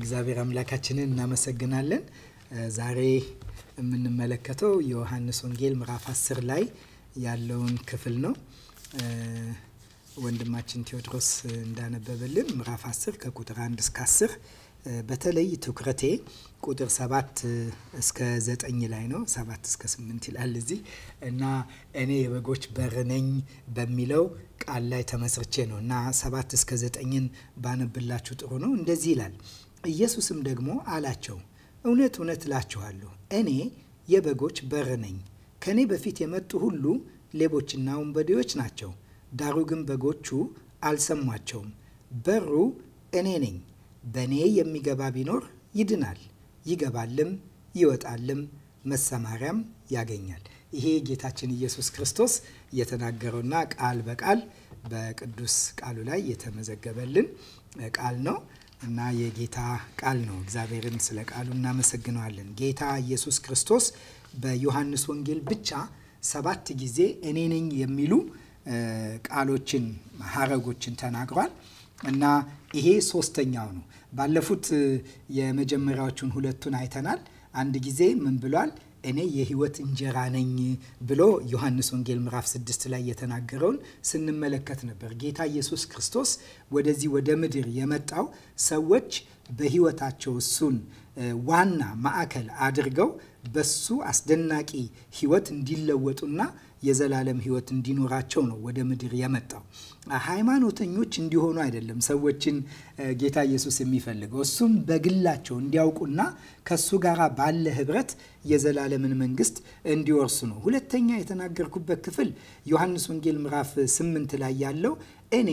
እግዚአብሔር አምላካችንን እናመሰግናለን። ዛሬ የምንመለከተው የዮሐንስ ወንጌል ምዕራፍ 10 ላይ ያለውን ክፍል ነው። ወንድማችን ቴዎድሮስ እንዳነበበልን ምዕራፍ 10 ከቁጥር 1 እስከ 10 በተለይ ትኩረቴ ቁጥር ሰባት እስከ ዘጠኝ ላይ ነው። ሰባት እስከ ስምንት ይላል እዚህ እና እኔ የበጎች በርነኝ በሚለው ቃል ላይ ተመስርቼ ነው እና ሰባት እስከ ዘጠኝን ባነብላችሁ ጥሩ ነው። እንደዚህ ይላል ኢየሱስም ደግሞ አላቸው፣ እውነት እውነት እላችኋለሁ እኔ የበጎች በር ነኝ። ከእኔ በፊት የመጡ ሁሉ ሌቦችና ወንበዴዎች ናቸው፣ ዳሩ ግን በጎቹ አልሰሟቸውም። በሩ እኔ ነኝ። በእኔ የሚገባ ቢኖር ይድናል፣ ይገባልም ይወጣልም መሰማሪያም ያገኛል። ይሄ ጌታችን ኢየሱስ ክርስቶስ የተናገረውና ቃል በቃል በቅዱስ ቃሉ ላይ የተመዘገበልን ቃል ነው። እና የጌታ ቃል ነው። እግዚአብሔርን ስለ ቃሉ እናመሰግነዋለን። ጌታ ኢየሱስ ክርስቶስ በዮሐንስ ወንጌል ብቻ ሰባት ጊዜ እኔ ነኝ የሚሉ ቃሎችን ሀረጎችን ተናግሯል እና ይሄ ሶስተኛው ነው። ባለፉት የመጀመሪያዎቹን ሁለቱን አይተናል። አንድ ጊዜ ምን ብሏል? እኔ የህይወት እንጀራ ነኝ ብሎ ዮሐንስ ወንጌል ምዕራፍ ስድስት ላይ የተናገረውን ስንመለከት ነበር። ጌታ ኢየሱስ ክርስቶስ ወደዚህ ወደ ምድር የመጣው ሰዎች በህይወታቸው እሱን ዋና ማዕከል አድርገው በሱ አስደናቂ ህይወት እንዲለወጡና የዘላለም ህይወት እንዲኖራቸው ነው ወደ ምድር የመጣው። ሃይማኖተኞች እንዲሆኑ አይደለም ሰዎችን ጌታ ኢየሱስ የሚፈልገው እሱም በግላቸው እንዲያውቁና ከሱ ጋር ባለ ህብረት የዘላለምን መንግስት እንዲወርሱ ነው። ሁለተኛ የተናገርኩበት ክፍል ዮሐንስ ወንጌል ምዕራፍ ስምንት ላይ ያለው እኔ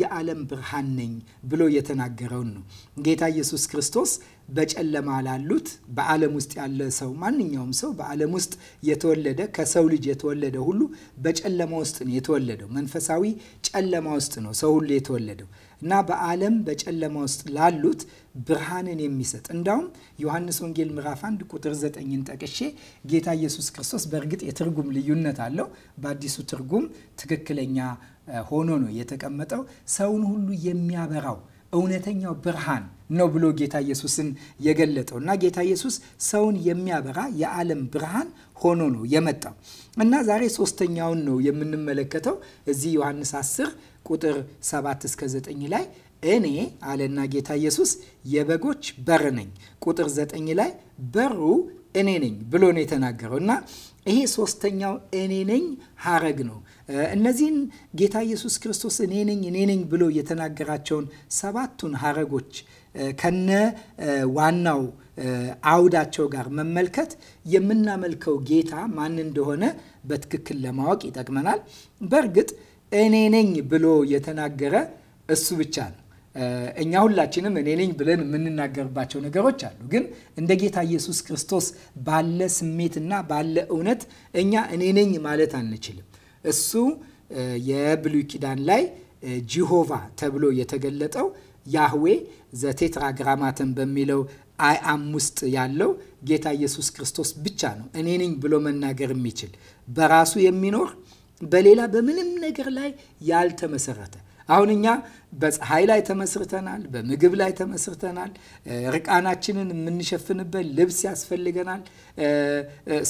የዓለም ብርሃን ነኝ ብሎ የተናገረውን ነው። ጌታ ኢየሱስ ክርስቶስ በጨለማ ላሉት በዓለም ውስጥ ያለ ሰው ማንኛውም ሰው በዓለም ውስጥ የተወለደ ከሰው ልጅ የተወለደ ሁሉ በጨለማ ውስጥ ነው የተወለደው። መንፈሳዊ ጨለማ ውስጥ ነው ሰው ሁሉ የተወለደው እና በዓለም በጨለማ ውስጥ ላሉት ብርሃንን የሚሰጥ እንዳውም ዮሐንስ ወንጌል ምዕራፍ 1 ቁጥር 9ን ጠቅሼ ጌታ ኢየሱስ ክርስቶስ በእርግጥ የትርጉም ልዩነት አለው። በአዲሱ ትርጉም ትክክለኛ ሆኖ ነው የተቀመጠው። ሰውን ሁሉ የሚያበራው እውነተኛው ብርሃን ነው ብሎ ጌታ ኢየሱስን የገለጠው እና ጌታ ኢየሱስ ሰውን የሚያበራ የዓለም ብርሃን ሆኖ ነው የመጣው እና ዛሬ ሶስተኛውን ነው የምንመለከተው እዚህ ዮሐንስ 10 ቁጥር 7 እስከ 9 ላይ እኔ አለና ጌታ ኢየሱስ የበጎች በር ነኝ። ቁጥር 9 ላይ በሩ እኔ ነኝ ብሎ ነው የተናገረው እና ይሄ ሶስተኛው እኔ ነኝ ሀረግ ነው። እነዚህን ጌታ ኢየሱስ ክርስቶስ እኔ ነኝ እኔ ነኝ ብሎ የተናገራቸውን ሰባቱን ሀረጎች ከነ ዋናው አውዳቸው ጋር መመልከት የምናመልከው ጌታ ማን እንደሆነ በትክክል ለማወቅ ይጠቅመናል። በእርግጥ እኔ ነኝ ብሎ የተናገረ እሱ ብቻ ነው። እኛ ሁላችንም እኔ ነኝ ብለን የምንናገርባቸው ነገሮች አሉ። ግን እንደ ጌታ ኢየሱስ ክርስቶስ ባለ ስሜትና ባለ እውነት እኛ እኔ ነኝ ማለት አንችልም። እሱ የብሉይ ኪዳን ላይ ጂሆቫ ተብሎ የተገለጠው ያህዌ ዘቴትራግራማተን በሚለው አይአም ውስጥ ያለው ጌታ ኢየሱስ ክርስቶስ ብቻ ነው እኔ ነኝ ብሎ መናገር የሚችል በራሱ የሚኖር በሌላ በምንም ነገር ላይ ያልተመሰረተ አሁን እኛ በፀሐይ ላይ ተመስርተናል። በምግብ ላይ ተመስርተናል። ርቃናችንን የምንሸፍንበት ልብስ ያስፈልገናል።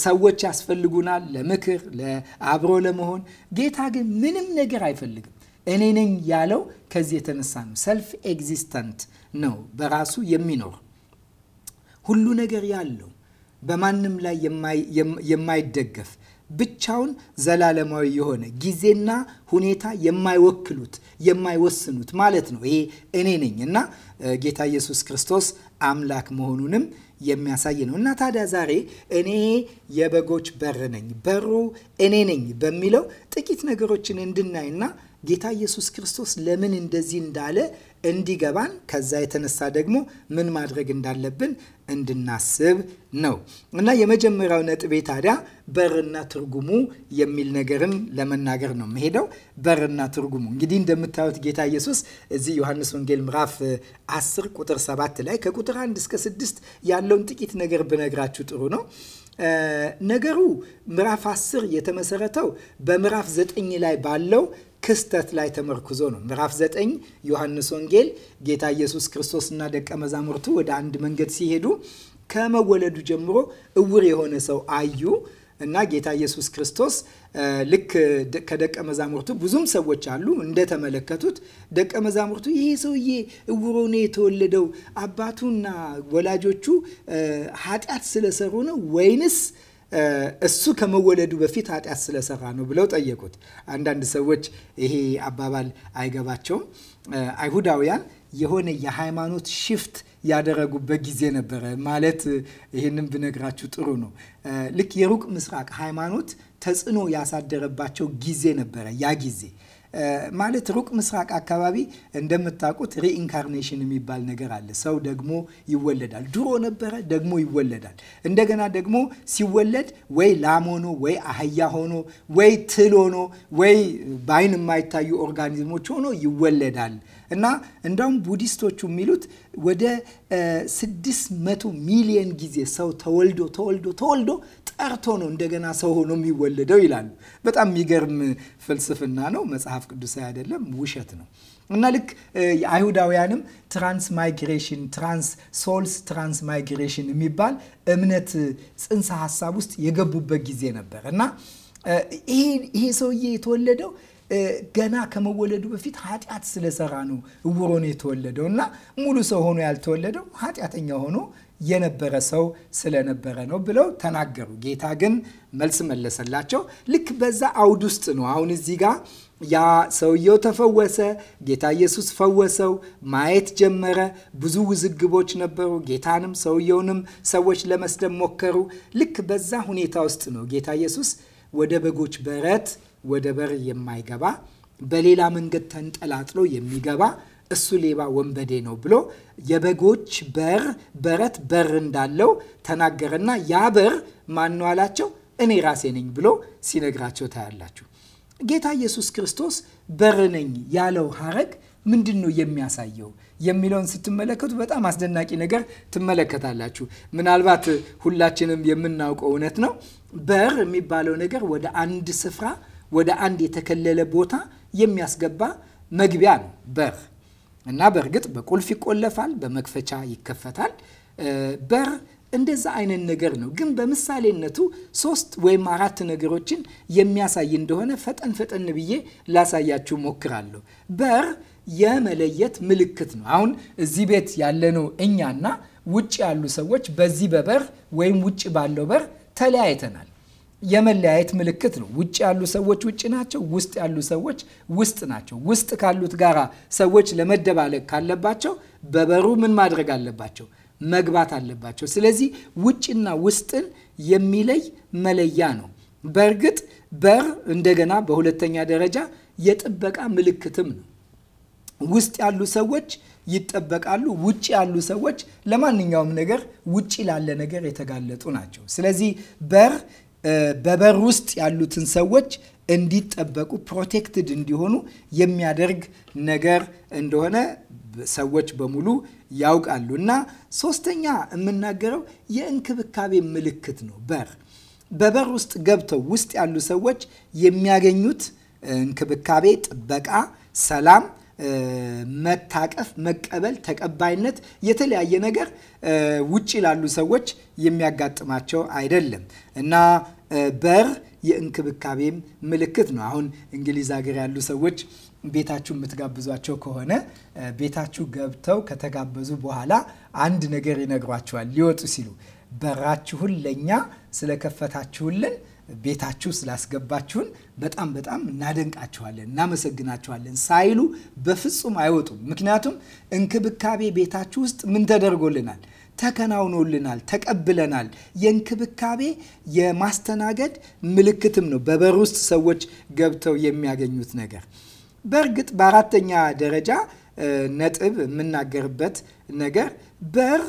ሰዎች ያስፈልጉናል ለምክር፣ ለአብሮ ለመሆን። ጌታ ግን ምንም ነገር አይፈልግም። እኔ ነኝ ያለው ከዚህ የተነሳ ነው። ሰልፍ ኤግዚስተንት ነው። በራሱ የሚኖር ሁሉ ነገር ያለው በማንም ላይ የማይደገፍ ብቻውን ዘላለማዊ የሆነ ጊዜና ሁኔታ የማይወክሉት የማይወስኑት ማለት ነው። ይሄ እኔ ነኝ እና ጌታ ኢየሱስ ክርስቶስ አምላክ መሆኑንም የሚያሳይ ነው እና ታዲያ ዛሬ እኔ የበጎች በር ነኝ፣ በሩ እኔ ነኝ በሚለው ጥቂት ነገሮችን እንድናይና ጌታ ኢየሱስ ክርስቶስ ለምን እንደዚህ እንዳለ እንዲገባን ከዛ የተነሳ ደግሞ ምን ማድረግ እንዳለብን እንድናስብ ነው እና የመጀመሪያው ነጥቤ ታዲያ በርና ትርጉሙ የሚል ነገርን ለመናገር ነው የምሄደው። በርና ትርጉሙ እንግዲህ እንደምታዩት ጌታ ኢየሱስ እዚህ ዮሐንስ ወንጌል ምዕራፍ 10 ቁጥር 7 ላይ ከቁጥር 1 እስከ 6 ያለውን ጥቂት ነገር ብነግራችሁ ጥሩ ነው። ነገሩ ምዕራፍ 10 የተመሰረተው በምዕራፍ 9 ላይ ባለው ክስተት ላይ ተመርኩዞ ነው። ምዕራፍ 9 ዮሐንስ ወንጌል ጌታ ኢየሱስ ክርስቶስ እና ደቀ መዛሙርቱ ወደ አንድ መንገድ ሲሄዱ ከመወለዱ ጀምሮ እውር የሆነ ሰው አዩ። እና ጌታ ኢየሱስ ክርስቶስ ልክ ከደቀ መዛሙርቱ ብዙም ሰዎች አሉ እንደተመለከቱት ደቀ መዛሙርቱ ይሄ ሰውዬ እውሮ ነው የተወለደው አባቱና ወላጆቹ ኃጢአት ስለሰሩ ነው ወይንስ እሱ ከመወለዱ በፊት ኃጢአት ስለሰራ ነው ብለው ጠየቁት። አንዳንድ ሰዎች ይሄ አባባል አይገባቸውም። አይሁዳውያን የሆነ የሃይማኖት ሽፍት ያደረጉበት ጊዜ ነበረ። ማለት ይህንም ብነግራችሁ ጥሩ ነው። ልክ የሩቅ ምስራቅ ሃይማኖት ተጽዕኖ ያሳደረባቸው ጊዜ ነበረ ያ ጊዜ ማለት ሩቅ ምስራቅ አካባቢ እንደምታውቁት ሪኢንካርኔሽን የሚባል ነገር አለ። ሰው ደግሞ ይወለዳል። ድሮ ነበረ፣ ደግሞ ይወለዳል። እንደገና ደግሞ ሲወለድ ወይ ላም ሆኖ ወይ አህያ ሆኖ ወይ ትል ሆኖ ወይ በአይን የማይታዩ ኦርጋኒዝሞች ሆኖ ይወለዳል እና እንዳውም ቡዲስቶቹ የሚሉት ወደ ስድስት መቶ ሚሊየን ጊዜ ሰው ተወልዶ ተወልዶ ተወልዶ ጠርቶ ነው እንደገና ሰው ሆኖ የሚወለደው ይላሉ። በጣም የሚገርም ፍልስፍና ነው። መጽሐፍ ቅዱስ አይደለም፣ ውሸት ነው። እና ልክ አይሁዳውያንም ትራንስ ማይግሬሽን ትራንስ ሶልስ ትራንስ ማይግሬሽን የሚባል እምነት ጽንሰ ሀሳብ ውስጥ የገቡበት ጊዜ ነበር እና ይሄ ሰውዬ የተወለደው ገና ከመወለዱ በፊት ኃጢአት ስለሰራ ነው እውሮን የተወለደው እና ሙሉ ሰው ሆኖ ያልተወለደው ኃጢአተኛ ሆኖ የነበረ ሰው ስለነበረ ነው ብለው ተናገሩ። ጌታ ግን መልስ መለሰላቸው። ልክ በዛ አውድ ውስጥ ነው አሁን እዚህ ጋር ያ ሰውየው ተፈወሰ። ጌታ ኢየሱስ ፈወሰው፣ ማየት ጀመረ። ብዙ ውዝግቦች ነበሩ። ጌታንም ሰውየውንም ሰዎች ለመስደብ ሞከሩ። ልክ በዛ ሁኔታ ውስጥ ነው ጌታ ኢየሱስ ወደ በጎች በረት ወደ በር የማይገባ በሌላ መንገድ ተንጠላጥሎ የሚገባ እሱ ሌባ ወንበዴ ነው ብሎ የበጎች በር በረት በር እንዳለው ተናገረና ያ በር ማን አላቸው። እኔ ራሴ ነኝ ብሎ ሲነግራቸው ታያላችሁ። ጌታ ኢየሱስ ክርስቶስ በር ነኝ ያለው ሀረግ ምንድን ነው የሚያሳየው የሚለውን ስትመለከቱ በጣም አስደናቂ ነገር ትመለከታላችሁ። ምናልባት ሁላችንም የምናውቀው እውነት ነው። በር የሚባለው ነገር ወደ አንድ ስፍራ ወደ አንድ የተከለለ ቦታ የሚያስገባ መግቢያ ነው በር እና በእርግጥ በቁልፍ ይቆለፋል፣ በመክፈቻ ይከፈታል። በር እንደዛ አይነት ነገር ነው። ግን በምሳሌነቱ ሶስት ወይም አራት ነገሮችን የሚያሳይ እንደሆነ ፈጠን ፈጠን ብዬ ላሳያችሁ ሞክራለሁ። በር የመለየት ምልክት ነው። አሁን እዚህ ቤት ያለነው እኛና ውጭ ያሉ ሰዎች በዚህ በበር ወይም ውጭ ባለው በር ተለያይተናል። የመለያየት ምልክት ነው። ውጭ ያሉ ሰዎች ውጭ ናቸው፣ ውስጥ ያሉ ሰዎች ውስጥ ናቸው። ውስጥ ካሉት ጋራ ሰዎች ለመደባለቅ ካለባቸው በበሩ ምን ማድረግ አለባቸው? መግባት አለባቸው። ስለዚህ ውጭና ውስጥን የሚለይ መለያ ነው። በእርግጥ በር እንደገና በሁለተኛ ደረጃ የጥበቃ ምልክትም ነው። ውስጥ ያሉ ሰዎች ይጠበቃሉ። ውጭ ያሉ ሰዎች ለማንኛውም ነገር ውጭ ላለ ነገር የተጋለጡ ናቸው። ስለዚህ በር በበር ውስጥ ያሉትን ሰዎች እንዲጠበቁ ፕሮቴክትድ እንዲሆኑ የሚያደርግ ነገር እንደሆነ ሰዎች በሙሉ ያውቃሉ። እና ሶስተኛ የምናገረው የእንክብካቤ ምልክት ነው። በር በበር ውስጥ ገብተው ውስጥ ያሉ ሰዎች የሚያገኙት እንክብካቤ፣ ጥበቃ፣ ሰላም፣ መታቀፍ፣ መቀበል፣ ተቀባይነት፣ የተለያየ ነገር ውጭ ላሉ ሰዎች የሚያጋጥማቸው አይደለም እና በር የእንክብካቤም ምልክት ነው። አሁን እንግሊዝ ሀገር ያሉ ሰዎች ቤታችሁ የምትጋብዟቸው ከሆነ ቤታችሁ ገብተው ከተጋበዙ በኋላ አንድ ነገር ይነግሯቸዋል። ሊወጡ ሲሉ በራችሁን ለእኛ ስለከፈታችሁልን ቤታችሁ ስላስገባችሁን በጣም በጣም እናደንቃችኋለን፣ እናመሰግናችኋለን ሳይሉ በፍጹም አይወጡም። ምክንያቱም እንክብካቤ ቤታችሁ ውስጥ ምን ተደርጎልናል? ተከናውኖልናል፣ ተቀብለናል። የእንክብካቤ የማስተናገድ ምልክትም ነው በበር ውስጥ ሰዎች ገብተው የሚያገኙት ነገር። በእርግጥ በአራተኛ ደረጃ ነጥብ የምናገርበት ነገር በር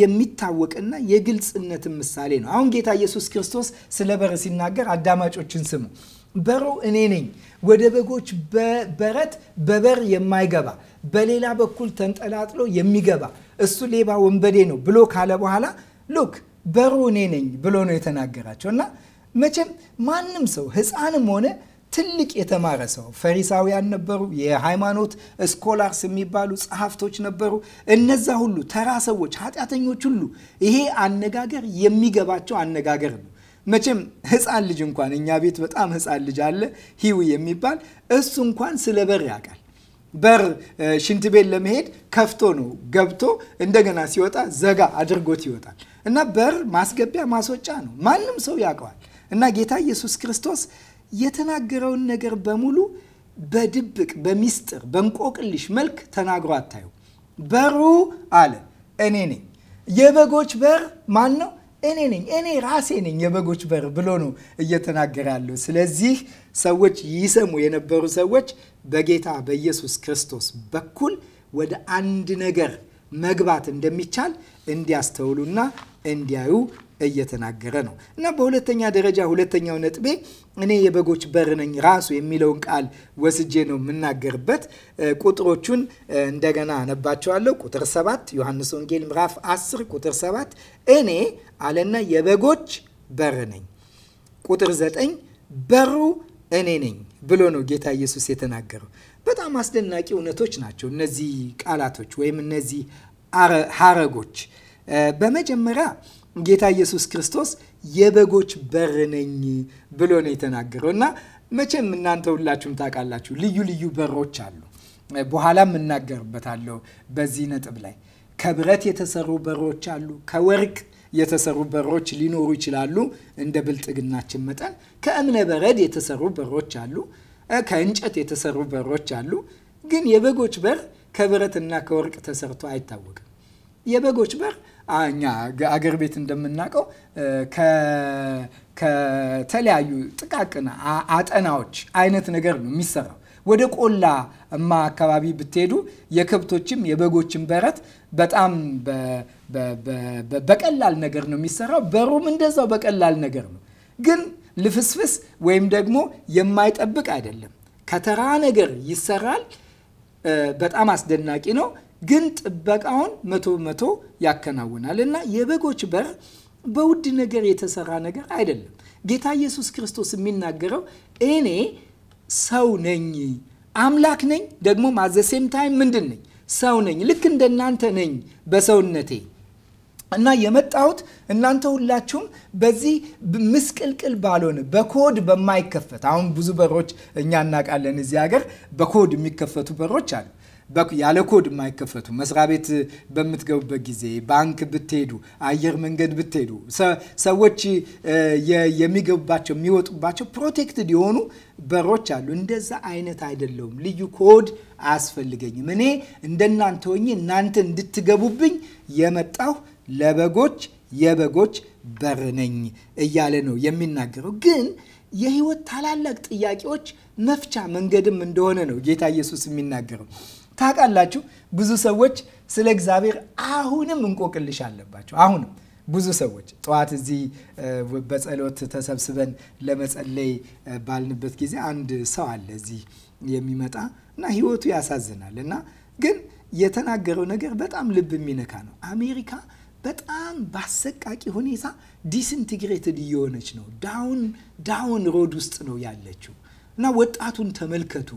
የሚታወቅና የግልጽነትን ምሳሌ ነው። አሁን ጌታ ኢየሱስ ክርስቶስ ስለ በር ሲናገር አዳማጮችን ስሙ። በሩ እኔ ነኝ፣ ወደ በጎች በረት በበር የማይገባ በሌላ በኩል ተንጠላጥሎ የሚገባ እሱ ሌባ ወንበዴ ነው ብሎ ካለ በኋላ ሉክ በሩ እኔ ነኝ ብሎ ነው የተናገራቸው እና መቼም ማንም ሰው ሕፃንም ሆነ ትልቅ የተማረ ሰው ፈሪሳውያን ነበሩ፣ የሃይማኖት ስኮላርስ የሚባሉ ጸሐፍቶች ነበሩ። እነዛ ሁሉ ተራ ሰዎች፣ ኃጢአተኞች ሁሉ ይሄ አነጋገር የሚገባቸው አነጋገር ነው። መቼም ሕፃን ልጅ እንኳን እኛ ቤት በጣም ሕፃን ልጅ አለ ሂዊ የሚባል እሱ እንኳን ስለ በር ያውቃል። በር ሽንት ቤት ለመሄድ ከፍቶ ነው ገብቶ እንደገና ሲወጣ ዘጋ አድርጎት ይወጣል እና በር ማስገቢያ ማስወጫ ነው። ማንም ሰው ያውቀዋል እና ጌታ ኢየሱስ ክርስቶስ የተናገረውን ነገር በሙሉ በድብቅ በሚስጥር በእንቆቅልሽ መልክ ተናግሮ አታዩ። በሩ አለ እኔ ነኝ። የበጎች በር ማን ነው? እኔ ነኝ። እኔ ራሴ ነኝ የበጎች በር ብሎ ነው እየተናገረ ያለው። ስለዚህ ሰዎች ይሰሙ የነበሩ ሰዎች በጌታ በኢየሱስ ክርስቶስ በኩል ወደ አንድ ነገር መግባት እንደሚቻል እንዲያስተውሉና እንዲያዩ እየተናገረ ነው እና በሁለተኛ ደረጃ ሁለተኛው ነጥቤ እኔ የበጎች በር ነኝ ራሱ የሚለውን ቃል ወስጄ ነው የምናገርበት። ቁጥሮቹን እንደገና አነባቸዋለሁ። ቁጥር 7 ዮሐንስ ወንጌል ምዕራፍ 10 ቁጥር 7 እኔ አለና የበጎች በር ነኝ። ቁጥር 9 በሩ እኔ ነኝ ብሎ ነው ጌታ ኢየሱስ የተናገረው። በጣም አስደናቂ እውነቶች ናቸው እነዚህ ቃላቶች ወይም እነዚህ ሀረጎች። በመጀመሪያ ጌታ ኢየሱስ ክርስቶስ የበጎች በር ነኝ ብሎ ነው የተናገረው እና መቼም እናንተ ሁላችሁም ታውቃላችሁ ልዩ ልዩ በሮች አሉ። በኋላም እናገርበታለሁ በዚህ ነጥብ ላይ ከብረት የተሰሩ በሮች አሉ፣ ከወርቅ የተሰሩ በሮች ሊኖሩ ይችላሉ። እንደ ብልጥግናችን መጠን ከእብነ በረድ የተሰሩ በሮች አሉ። ከእንጨት የተሰሩ በሮች አሉ። ግን የበጎች በር ከብረትና ከወርቅ ተሰርቶ አይታወቅም። የበጎች በር እኛ አገር ቤት እንደምናውቀው ከተለያዩ ጥቃቅን አጠናዎች አይነት ነገር ነው የሚሰራው። ወደ ቆላማ አካባቢ ብትሄዱ የከብቶችም የበጎችም በረት በጣም በቀላል ነገር ነው የሚሰራው። በሩም እንደዛው በቀላል ነገር ነው፣ ግን ልፍስፍስ ወይም ደግሞ የማይጠብቅ አይደለም። ከተራ ነገር ይሰራል። በጣም አስደናቂ ነው፣ ግን ጥበቃውን መቶ መቶ ያከናውናል እና የበጎች በር በውድ ነገር የተሰራ ነገር አይደለም። ጌታ ኢየሱስ ክርስቶስ የሚናገረው እኔ ሰው ነኝ፣ አምላክ ነኝ፣ ደግሞ ማዘሴም ታይም ምንድን ነኝ ሰው ነኝ። ልክ እንደናንተ ነኝ በሰውነቴ እና የመጣሁት እናንተ ሁላችሁም በዚህ ምስቅልቅል ባልሆነ በኮድ በማይከፈት አሁን ብዙ በሮች እኛ እናውቃለን። እዚህ ሀገር በኮድ የሚከፈቱ በሮች አሉ። ያለ ኮድ የማይከፈቱ መስሪያ ቤት በምትገቡበት ጊዜ ባንክ ብትሄዱ፣ አየር መንገድ ብትሄዱ ሰዎች የሚገቡባቸው የሚወጡባቸው ፕሮቴክትድ የሆኑ በሮች አሉ። እንደዛ አይነት አይደለውም። ልዩ ኮድ አያስፈልገኝም። እኔ እንደናንተ ሆኜ እናንተ እንድትገቡብኝ የመጣሁ ለበጎች የበጎች በር ነኝ እያለ ነው የሚናገረው ግን የህይወት ታላላቅ ጥያቄዎች መፍቻ መንገድም እንደሆነ ነው ጌታ ኢየሱስ የሚናገረው። ታውቃላችሁ፣ ብዙ ሰዎች ስለ እግዚአብሔር አሁንም እንቆቅልሽ አለባቸው። አሁንም ብዙ ሰዎች ጠዋት እዚህ በጸሎት ተሰብስበን ለመጸለይ ባልንበት ጊዜ አንድ ሰው አለ እዚህ የሚመጣ እና ህይወቱ ያሳዝናል እና ግን የተናገረው ነገር በጣም ልብ የሚነካ ነው። አሜሪካ በጣም በአሰቃቂ ሁኔታ ዲስኢንቴግሬትድ እየሆነች ነው። ዳውን ዳውን ሮድ ውስጥ ነው ያለችው እና ወጣቱን ተመልከቱ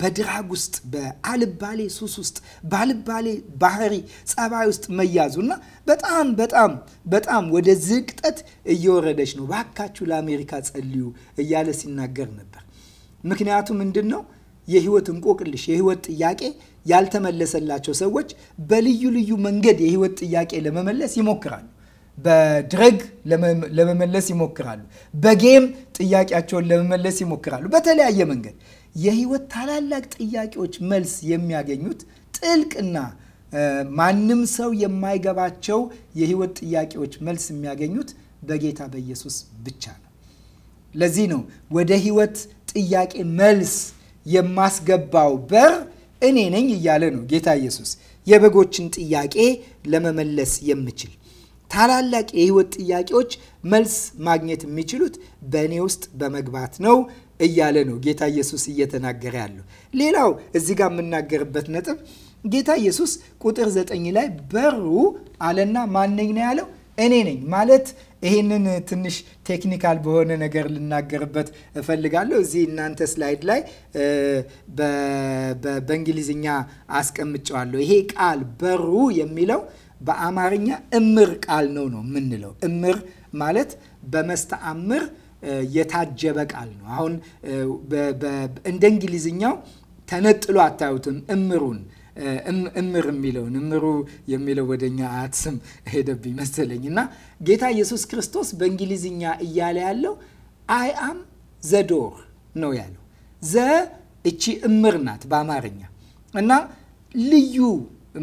በድራግ ውስጥ በአልባሌ ሱስ ውስጥ በአልባሌ ባህሪ ጸባይ ውስጥ መያዙ እና በጣም በጣም በጣም ወደ ዝቅጠት እየወረደች ነው። ባካችሁ ለአሜሪካ ጸልዩ እያለ ሲናገር ነበር። ምክንያቱ ምንድን ነው? የህይወት እንቆቅልሽ፣ የህይወት ጥያቄ ያልተመለሰላቸው ሰዎች በልዩ ልዩ መንገድ የህይወት ጥያቄ ለመመለስ ይሞክራሉ። በድረግ ለመመለስ ይሞክራሉ። በጌም ጥያቄያቸውን ለመመለስ ይሞክራሉ። በተለያየ መንገድ የህይወት ታላላቅ ጥያቄዎች መልስ የሚያገኙት ጥልቅና ማንም ሰው የማይገባቸው የህይወት ጥያቄዎች መልስ የሚያገኙት በጌታ በኢየሱስ ብቻ ነው። ለዚህ ነው ወደ ህይወት ጥያቄ መልስ የማስገባው በር እኔ ነኝ እያለ ነው ጌታ ኢየሱስ። የበጎችን ጥያቄ ለመመለስ የምችል ታላላቅ የህይወት ጥያቄዎች መልስ ማግኘት የሚችሉት በእኔ ውስጥ በመግባት ነው። እያለ ነው ጌታ ኢየሱስ እየተናገረ ያለው። ሌላው እዚህ ጋር የምናገርበት ነጥብ ጌታ ኢየሱስ ቁጥር ዘጠኝ ላይ በሩ አለና ማነኝ ነው ያለው? እኔ ነኝ ማለት ይህንን ትንሽ ቴክኒካል በሆነ ነገር ልናገርበት እፈልጋለሁ። እዚህ እናንተ ስላይድ ላይ በእንግሊዝኛ አስቀምጨዋለሁ። ይሄ ቃል በሩ የሚለው በአማርኛ እምር ቃል ነው ነው የምንለው። እምር ማለት በመስተአምር የታጀበ ቃል ነው። አሁን እንደ እንግሊዝኛው ተነጥሎ አታዩትም። እምሩን እምር የሚለውን እምሩ የሚለው ወደኛ አያት ስም ሄደብኝ መሰለኝ እና ጌታ ኢየሱስ ክርስቶስ በእንግሊዝኛ እያለ ያለው አይ አም ዘዶር ነው ያለው። ዘ እቺ እምር ናት በአማርኛ እና ልዩ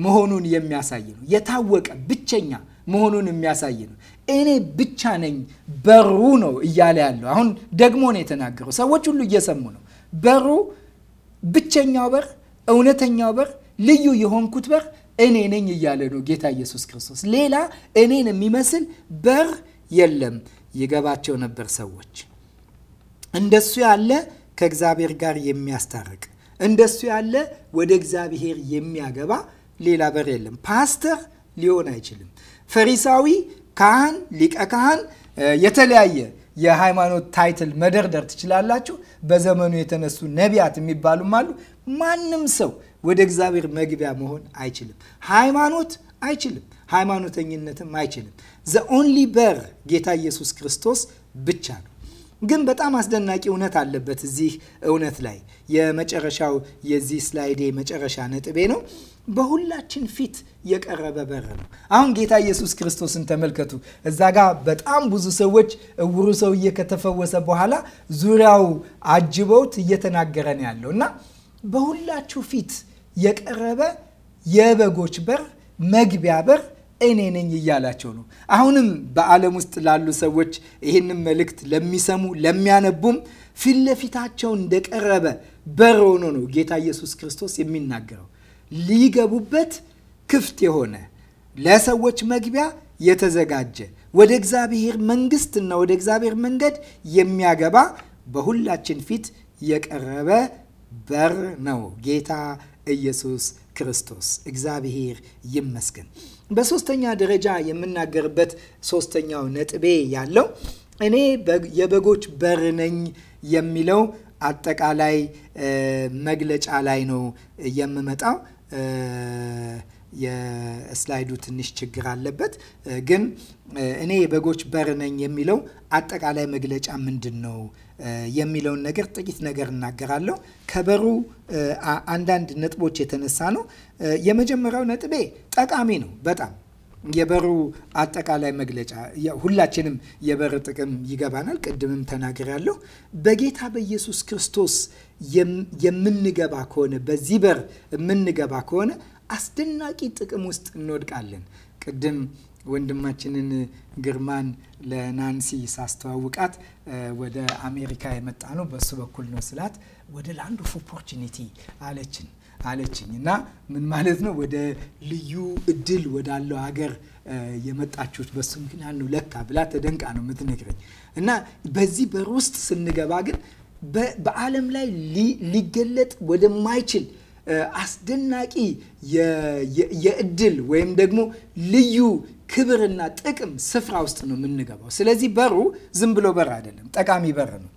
መሆኑን የሚያሳይ ነው። የታወቀ ብቸኛ መሆኑን የሚያሳይ ነው። እኔ ብቻ ነኝ በሩ ነው እያለ ያለው። አሁን ደግሞ ነው የተናገረው። ሰዎች ሁሉ እየሰሙ ነው። በሩ ብቸኛው በር፣ እውነተኛው በር፣ ልዩ የሆንኩት በር እኔ ነኝ እያለ ነው ጌታ ኢየሱስ ክርስቶስ። ሌላ እኔን የሚመስል በር የለም። ይገባቸው ነበር ሰዎች። እንደሱ ያለ ከእግዚአብሔር ጋር የሚያስታርቅ እንደሱ ያለ ወደ እግዚአብሔር የሚያገባ ሌላ በር የለም። ፓስተር ሊሆን አይችልም። ፈሪሳዊ፣ ካህን፣ ሊቀ ካህን የተለያየ የሃይማኖት ታይትል መደርደር ትችላላችሁ። በዘመኑ የተነሱ ነቢያት የሚባሉም አሉ። ማንም ሰው ወደ እግዚአብሔር መግቢያ መሆን አይችልም። ሃይማኖት አይችልም። ሃይማኖተኝነትም አይችልም። ዘ ኦንሊ በር ጌታ ኢየሱስ ክርስቶስ ብቻ ነው። ግን በጣም አስደናቂ እውነት አለበት እዚህ እውነት ላይ የመጨረሻው የዚህ ስላይዴ መጨረሻ ነጥቤ ነው። በሁላችን ፊት የቀረበ በር ነው። አሁን ጌታ ኢየሱስ ክርስቶስን ተመልከቱ። እዛ ጋ በጣም ብዙ ሰዎች እውሩ ሰውዬ ከተፈወሰ በኋላ ዙሪያው አጅበውት እየተናገረ ነው ያለው እና በሁላችሁ ፊት የቀረበ የበጎች በር መግቢያ በር እኔ ነኝ እያላቸው ነው። አሁንም በዓለም ውስጥ ላሉ ሰዎች ይህንን መልእክት ለሚሰሙ ለሚያነቡም ፊት ለፊታቸው እንደቀረበ በር ሆኖ ነው ጌታ ኢየሱስ ክርስቶስ የሚናገረው። ሊገቡበት ክፍት የሆነ ለሰዎች መግቢያ የተዘጋጀ ወደ እግዚአብሔር መንግስትና ወደ እግዚአብሔር መንገድ የሚያገባ በሁላችን ፊት የቀረበ በር ነው ጌታ ኢየሱስ ክርስቶስ። እግዚአብሔር ይመስገን። በሶስተኛ ደረጃ የምናገርበት ሶስተኛው ነጥቤ ያለው እኔ የበጎች በር ነኝ የሚለው አጠቃላይ መግለጫ ላይ ነው የምመጣው። የስላይዱ ትንሽ ችግር አለበት። ግን እኔ የበጎች በር ነኝ የሚለው አጠቃላይ መግለጫ ምንድን ነው የሚለውን ነገር ጥቂት ነገር እናገራለሁ። ከበሩ አንዳንድ ነጥቦች የተነሳ ነው። የመጀመሪያው ነጥቤ ጠቃሚ ነው በጣም የበሩ አጠቃላይ መግለጫ ሁላችንም የበር ጥቅም ይገባናል። ቅድምም ተናግሬያለሁ። በጌታ በኢየሱስ ክርስቶስ የምንገባ ከሆነ በዚህ በር የምንገባ ከሆነ አስደናቂ ጥቅም ውስጥ እንወድቃለን። ቅድም ወንድማችንን ግርማን ለናንሲ ሳስተዋውቃት ወደ አሜሪካ የመጣ ነው በእሱ በኩል ነው ስላት ወደ ላንድ ኦፍ ኦፖርቹኒቲ አለችን አለችኝ እና ምን ማለት ነው? ወደ ልዩ እድል ወዳለው ሀገር የመጣችሁት በሱ ምክንያት ነው ለካ ብላ ተደንቃ ነው የምትነግረኝ። እና በዚህ በር ውስጥ ስንገባ ግን በዓለም ላይ ሊገለጥ ወደማይችል አስደናቂ የእድል ወይም ደግሞ ልዩ ክብርና ጥቅም ስፍራ ውስጥ ነው የምንገባው። ስለዚህ በሩ ዝም ብሎ በር አይደለም፣ ጠቃሚ በር ነው።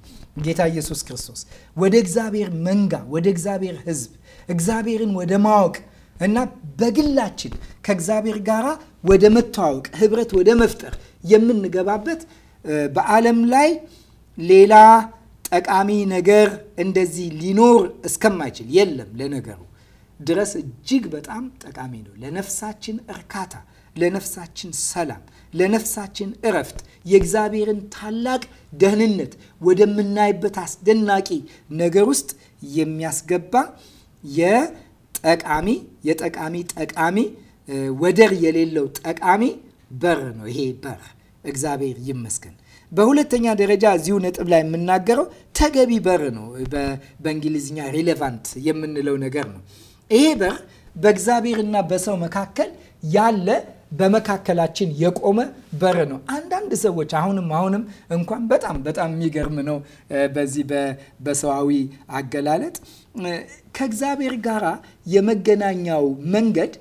ጌታ ኢየሱስ ክርስቶስ ወደ እግዚአብሔር መንጋ፣ ወደ እግዚአብሔር ሕዝብ፣ እግዚአብሔርን ወደ ማወቅ እና በግላችን ከእግዚአብሔር ጋር ወደ መተዋወቅ፣ ህብረት ወደ መፍጠር የምንገባበት በዓለም ላይ ሌላ ጠቃሚ ነገር እንደዚህ ሊኖር እስከማይችል የለም ለነገሩ ድረስ እጅግ በጣም ጠቃሚ ነው። ለነፍሳችን እርካታ፣ ለነፍሳችን ሰላም፣ ለነፍሳችን እረፍት የእግዚአብሔርን ታላቅ ደህንነት ወደምናይበት አስደናቂ ነገር ውስጥ የሚያስገባ የጠቃሚ የጠቃሚ ጠቃሚ ወደር የሌለው ጠቃሚ በር ነው። ይሄ በር እግዚአብሔር ይመስገን። በሁለተኛ ደረጃ እዚሁ ነጥብ ላይ የምናገረው ተገቢ በር ነው። በእንግሊዝኛ ሬሌቫንት የምንለው ነገር ነው። ይሄ በር በእግዚአብሔርና በሰው መካከል ያለ በመካከላችን የቆመ በር ነው። አንዳንድ ሰዎች አሁንም አሁንም እንኳን በጣም በጣም የሚገርም ነው። በዚህ በሰዋዊ አገላለጥ ከእግዚአብሔር ጋራ የመገናኛው መንገድ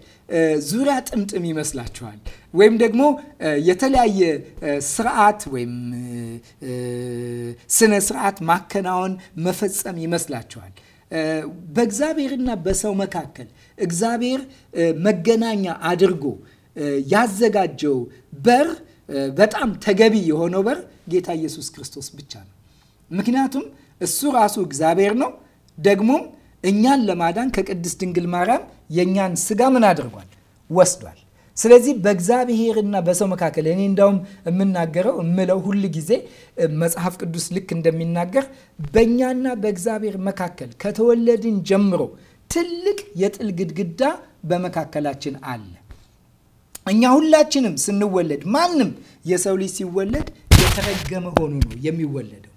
ዙሪያ ጥምጥም ይመስላችኋል ወይም ደግሞ የተለያየ ስርዓት ወይም ስነ ስርዓት ማከናወን መፈጸም ይመስላችኋል። በእግዚአብሔርና በሰው መካከል እግዚአብሔር መገናኛ አድርጎ ያዘጋጀው በር በጣም ተገቢ የሆነው በር ጌታ ኢየሱስ ክርስቶስ ብቻ ነው። ምክንያቱም እሱ ራሱ እግዚአብሔር ነው። ደግሞም እኛን ለማዳን ከቅድስት ድንግል ማርያም የእኛን ስጋ ምን አድርጓል? ወስዷል። ስለዚህ በእግዚአብሔርና በሰው መካከል እኔ እንዳውም የምናገረው የምለው ሁል ጊዜ መጽሐፍ ቅዱስ ልክ እንደሚናገር በእኛና በእግዚአብሔር መካከል ከተወለድን ጀምሮ ትልቅ የጥል ግድግዳ በመካከላችን አለ። እኛ ሁላችንም ስንወለድ ማንም የሰው ልጅ ሲወለድ የተረገመ ሆኖ ነው የሚወለደው።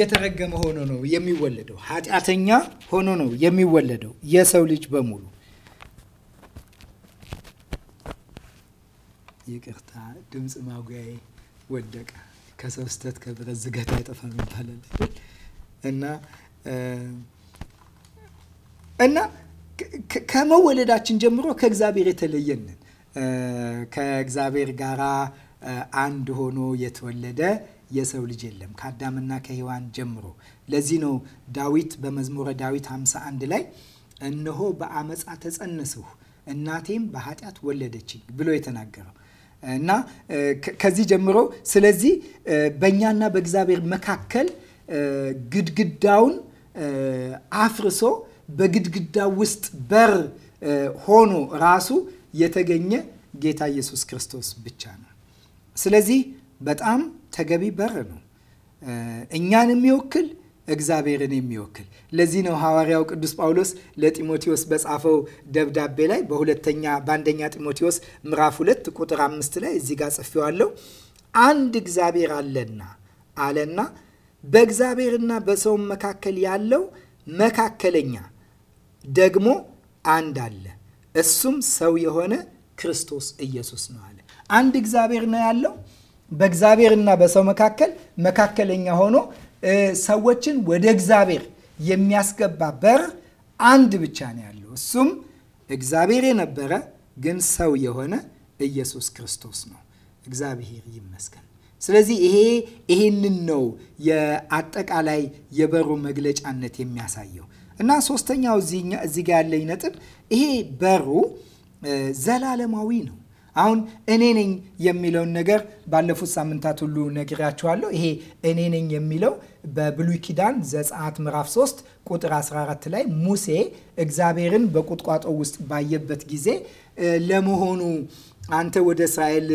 የተረገመ ሆኖ ነው የሚወለደው። ኃጢአተኛ ሆኖ ነው የሚወለደው የሰው ልጅ በሙሉ። ይቅርታ ድምፅ ማጉያዬ ወደቀ። ከሰው ስተት ከብረት ዝገት አይጠፋም ይባላል እና እና ከመወለዳችን ጀምሮ ከእግዚአብሔር የተለየንን ከእግዚአብሔር ጋራ አንድ ሆኖ የተወለደ የሰው ልጅ የለም ከአዳምና ከሔዋን ጀምሮ። ለዚህ ነው ዳዊት በመዝሙረ ዳዊት 51 ላይ እነሆ በአመፃ ተጸነስሁ እናቴም በኃጢአት ወለደችኝ ብሎ የተናገረው እና ከዚህ ጀምሮ ስለዚህ በእኛና በእግዚአብሔር መካከል ግድግዳውን አፍርሶ በግድግዳ ውስጥ በር ሆኖ ራሱ የተገኘ ጌታ ኢየሱስ ክርስቶስ ብቻ ነው። ስለዚህ በጣም ተገቢ በር ነው። እኛን የሚወክል እግዚአብሔርን የሚወክል ለዚህ ነው ሐዋርያው ቅዱስ ጳውሎስ ለጢሞቴዎስ በጻፈው ደብዳቤ ላይ በሁለተኛ በአንደኛ ጢሞቴዎስ ምዕራፍ ሁለት ቁጥር አምስት ላይ እዚህ ጋር ጽፌዋለሁ። አንድ እግዚአብሔር አለና አለና በእግዚአብሔርና በሰውም መካከል ያለው መካከለኛ ደግሞ አንድ አለ፣ እሱም ሰው የሆነ ክርስቶስ ኢየሱስ ነው አለ። አንድ እግዚአብሔር ነው ያለው በእግዚአብሔርና በሰው መካከል መካከለኛ ሆኖ ሰዎችን ወደ እግዚአብሔር የሚያስገባ በር አንድ ብቻ ነው ያለው። እሱም እግዚአብሔር የነበረ ግን ሰው የሆነ ኢየሱስ ክርስቶስ ነው። እግዚአብሔር ይመስገን። ስለዚህ ይሄ ይሄንን ነው የአጠቃላይ የበሩ መግለጫነት የሚያሳየው እና ሶስተኛው እዚህ ያለኝ ነጥብ ይሄ በሩ ዘላለማዊ ነው። አሁን እኔ ነኝ የሚለውን ነገር ባለፉት ሳምንታት ሁሉ ነግሬያችኋለሁ። ይሄ እኔ ነኝ የሚለው በብሉይ ኪዳን ዘጸአት ምዕራፍ 3 ቁጥር 14 ላይ ሙሴ እግዚአብሔርን በቁጥቋጦ ውስጥ ባየበት ጊዜ ለመሆኑ አንተ ወደ እስራኤል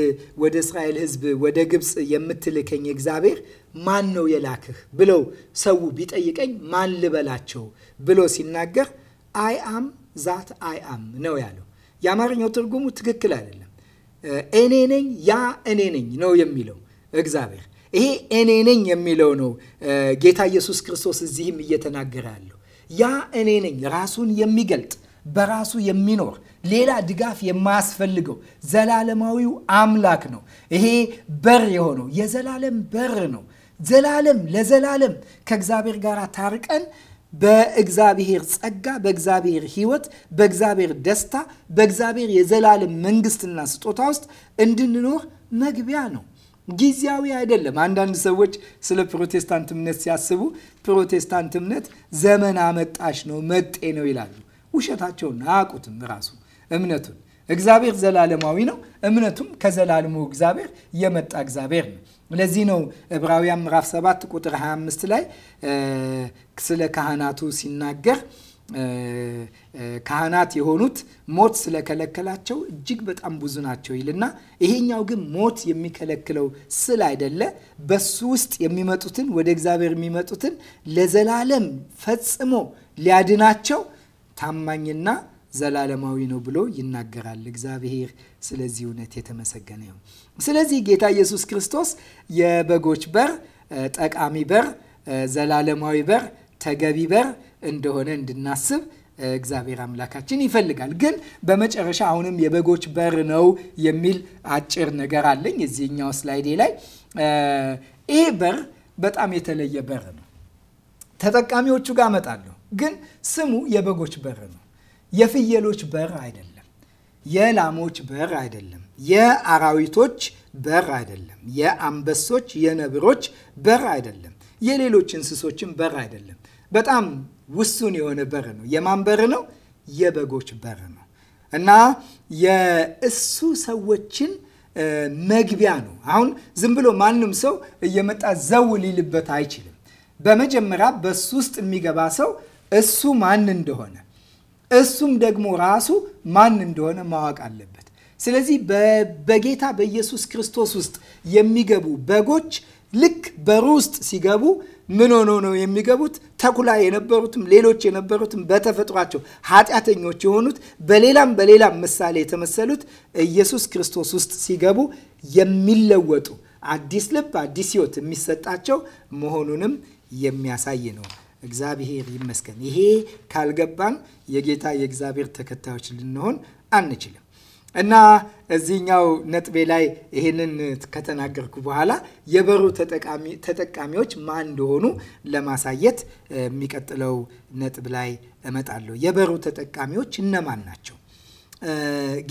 ወደ እስራኤል ሕዝብ ወደ ግብፅ የምትልከኝ እግዚአብሔር ማን ነው የላክህ ብለው ሰው ቢጠይቀኝ ማን ልበላቸው ብሎ ሲናገር አይ አም ዛት አይ አም ነው ያለው። የአማርኛው ትርጉሙ ትክክል አይደለም። እኔ ነኝ፣ ያ እኔ ነኝ ነው የሚለው እግዚአብሔር። ይሄ እኔ ነኝ የሚለው ነው ጌታ ኢየሱስ ክርስቶስ እዚህም እየተናገረ ያለው ያ እኔ ነኝ ራሱን የሚገልጥ በራሱ የሚኖር ሌላ ድጋፍ የማያስፈልገው ዘላለማዊው አምላክ ነው። ይሄ በር የሆነው የዘላለም በር ነው። ዘላለም ለዘላለም ከእግዚአብሔር ጋር ታርቀን በእግዚአብሔር ጸጋ፣ በእግዚአብሔር ሕይወት፣ በእግዚአብሔር ደስታ፣ በእግዚአብሔር የዘላለም መንግስትና ስጦታ ውስጥ እንድንኖር መግቢያ ነው። ጊዜያዊ አይደለም። አንዳንድ ሰዎች ስለ ፕሮቴስታንት እምነት ሲያስቡ ፕሮቴስታንት እምነት ዘመን አመጣሽ ነው፣ መጤ ነው ይላሉ። ውሸታቸውን አያውቁትም። ራሱ እምነቱን እግዚአብሔር ዘላለማዊ ነው። እምነቱም ከዘላለሙ እግዚአብሔር የመጣ እግዚአብሔር ነው። ለዚህ ነው ዕብራውያን ምዕራፍ 7 ቁጥር 25 ላይ ስለ ካህናቱ ሲናገር ካህናት የሆኑት ሞት ስለከለከላቸው እጅግ በጣም ብዙ ናቸው ይልና ይሄኛው ግን ሞት የሚከለክለው ስል አይደለ በሱ ውስጥ የሚመጡትን ወደ እግዚአብሔር የሚመጡትን ለዘላለም ፈጽሞ ሊያድናቸው ታማኝና ዘላለማዊ ነው ብሎ ይናገራል። እግዚአብሔር ስለዚህ እውነት የተመሰገነ ይሁን። ስለዚህ ጌታ ኢየሱስ ክርስቶስ የበጎች በር፣ ጠቃሚ በር፣ ዘላለማዊ በር፣ ተገቢ በር እንደሆነ እንድናስብ እግዚአብሔር አምላካችን ይፈልጋል። ግን በመጨረሻ አሁንም የበጎች በር ነው የሚል አጭር ነገር አለኝ እዚህኛው ስላይዴ ላይ። ይሄ በር በጣም የተለየ በር ነው። ተጠቃሚዎቹ ጋር እመጣለሁ፣ ግን ስሙ የበጎች በር ነው። የፍየሎች በር አይደለም። የላሞች በር አይደለም። የአራዊቶች በር አይደለም። የአንበሶች፣ የነብሮች በር አይደለም። የሌሎች እንስሶችን በር አይደለም። በጣም ውሱን የሆነ በር ነው። የማን በር ነው? የበጎች በር ነው እና የእሱ ሰዎችን መግቢያ ነው። አሁን ዝም ብሎ ማንም ሰው እየመጣ ዘው ሊልበት አይችልም። በመጀመሪያ በሱ ውስጥ የሚገባ ሰው እሱ ማን እንደሆነ እሱም ደግሞ ራሱ ማን እንደሆነ ማወቅ አለበት። ስለዚህ በጌታ በኢየሱስ ክርስቶስ ውስጥ የሚገቡ በጎች ልክ በሩ ውስጥ ሲገቡ ምን ሆኖ ነው የሚገቡት? ተኩላ የነበሩትም ሌሎች የነበሩትም በተፈጥሯቸው ኃጢአተኞች የሆኑት በሌላም በሌላም ምሳሌ የተመሰሉት ኢየሱስ ክርስቶስ ውስጥ ሲገቡ የሚለወጡ አዲስ ልብ፣ አዲስ ሕይወት የሚሰጣቸው መሆኑንም የሚያሳይ ነው። እግዚአብሔር ይመስገን። ይሄ ካልገባን የጌታ የእግዚአብሔር ተከታዮች ልንሆን አንችልም። እና እዚህኛው ነጥቤ ላይ ይህንን ከተናገርኩ በኋላ የበሩ ተጠቃሚዎች ማን እንደሆኑ ለማሳየት የሚቀጥለው ነጥብ ላይ እመጣለሁ። የበሩ ተጠቃሚዎች እነማን ናቸው?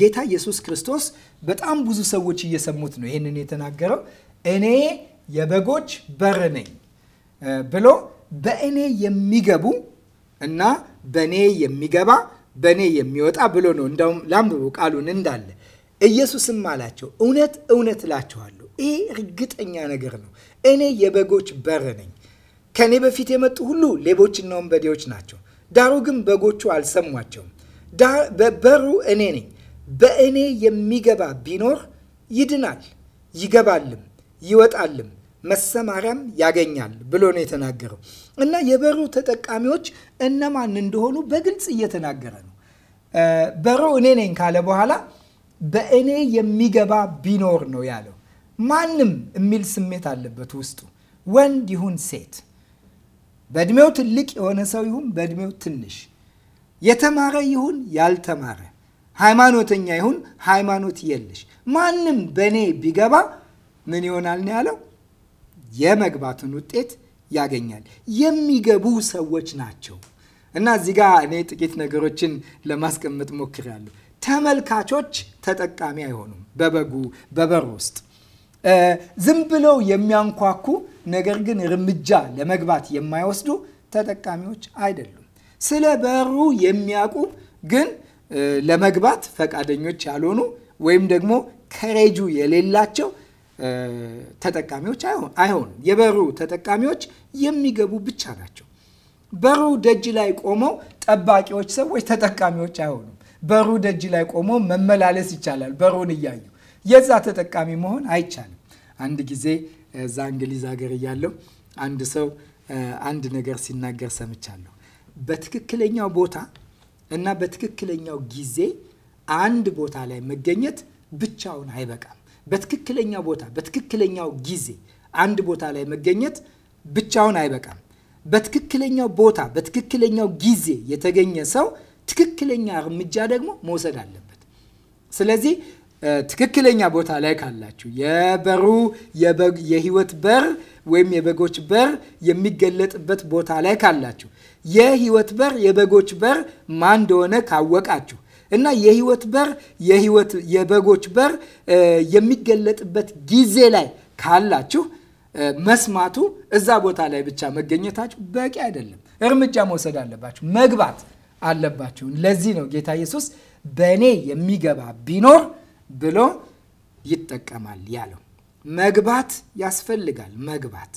ጌታ ኢየሱስ ክርስቶስ በጣም ብዙ ሰዎች እየሰሙት ነው ይህንን የተናገረው። እኔ የበጎች በር ነኝ ብሎ በእኔ የሚገቡ እና በእኔ የሚገባ በእኔ የሚወጣ ብሎ ነው። እንዳውም ላንብቡ ቃሉን እንዳለ ኢየሱስም አላቸው፣ እውነት እውነት እላችኋለሁ፣ ይህ እርግጠኛ ነገር ነው። እኔ የበጎች በር ነኝ። ከእኔ በፊት የመጡ ሁሉ ሌቦችና ወንበዴዎች ናቸው፣ ዳሩ ግን በጎቹ አልሰሟቸውም። በሩ እኔ ነኝ። በእኔ የሚገባ ቢኖር ይድናል፣ ይገባልም፣ ይወጣልም መሰማሪያም ያገኛል ብሎ ነው የተናገረው እና የበሮ ተጠቃሚዎች እነማን እንደሆኑ በግልጽ እየተናገረ ነው። በሮ እኔ ነኝ ካለ በኋላ በእኔ የሚገባ ቢኖር ነው ያለው። ማንም የሚል ስሜት አለበት ውስጡ። ወንድ ይሁን ሴት፣ በእድሜው ትልቅ የሆነ ሰው ይሁን በእድሜው ትንሽ፣ የተማረ ይሁን ያልተማረ፣ ሃይማኖተኛ ይሁን ሃይማኖት የለሽ፣ ማንም በእኔ ቢገባ ምን ይሆናል ነው ያለው የመግባትን ውጤት ያገኛል። የሚገቡ ሰዎች ናቸው እና እዚህ ጋር እኔ ጥቂት ነገሮችን ለማስቀመጥ ሞክሬያለሁ። ተመልካቾች ተጠቃሚ አይሆኑም። በበጉ በበር ውስጥ ዝም ብለው የሚያንኳኩ ነገር ግን እርምጃ ለመግባት የማይወስዱ ተጠቃሚዎች አይደሉም። ስለ በሩ የሚያውቁ ግን ለመግባት ፈቃደኞች ያልሆኑ ወይም ደግሞ ከሬጁ የሌላቸው ተጠቃሚዎች አይሆን። የበሩ ተጠቃሚዎች የሚገቡ ብቻ ናቸው። በሩ ደጅ ላይ ቆመው ጠባቂዎች ሰዎች ተጠቃሚዎች አይሆኑም። በሩ ደጅ ላይ ቆመው መመላለስ ይቻላል። በሩን እያዩ የዛ ተጠቃሚ መሆን አይቻልም። አንድ ጊዜ እዛ እንግሊዝ ሀገር እያለሁ አንድ ሰው አንድ ነገር ሲናገር ሰምቻለሁ። በትክክለኛው ቦታ እና በትክክለኛው ጊዜ አንድ ቦታ ላይ መገኘት ብቻውን አይበቃም። በትክክለኛ ቦታ በትክክለኛው ጊዜ አንድ ቦታ ላይ መገኘት ብቻውን አይበቃም። በትክክለኛው ቦታ በትክክለኛው ጊዜ የተገኘ ሰው ትክክለኛ እርምጃ ደግሞ መውሰድ አለበት። ስለዚህ ትክክለኛ ቦታ ላይ ካላችሁ የበሩ የህይወት በር ወይም የበጎች በር የሚገለጥበት ቦታ ላይ ካላችሁ የህይወት በር የበጎች በር ማን እንደሆነ ካወቃችሁ እና የህይወት በር የህይወት የበጎች በር የሚገለጥበት ጊዜ ላይ ካላችሁ መስማቱ እዛ ቦታ ላይ ብቻ መገኘታችሁ በቂ አይደለም። እርምጃ መውሰድ አለባችሁ፣ መግባት አለባችሁ። ለዚህ ነው ጌታ ኢየሱስ በእኔ የሚገባ ቢኖር ብሎ ይጠቀማል ያለው። መግባት ያስፈልጋል። መግባት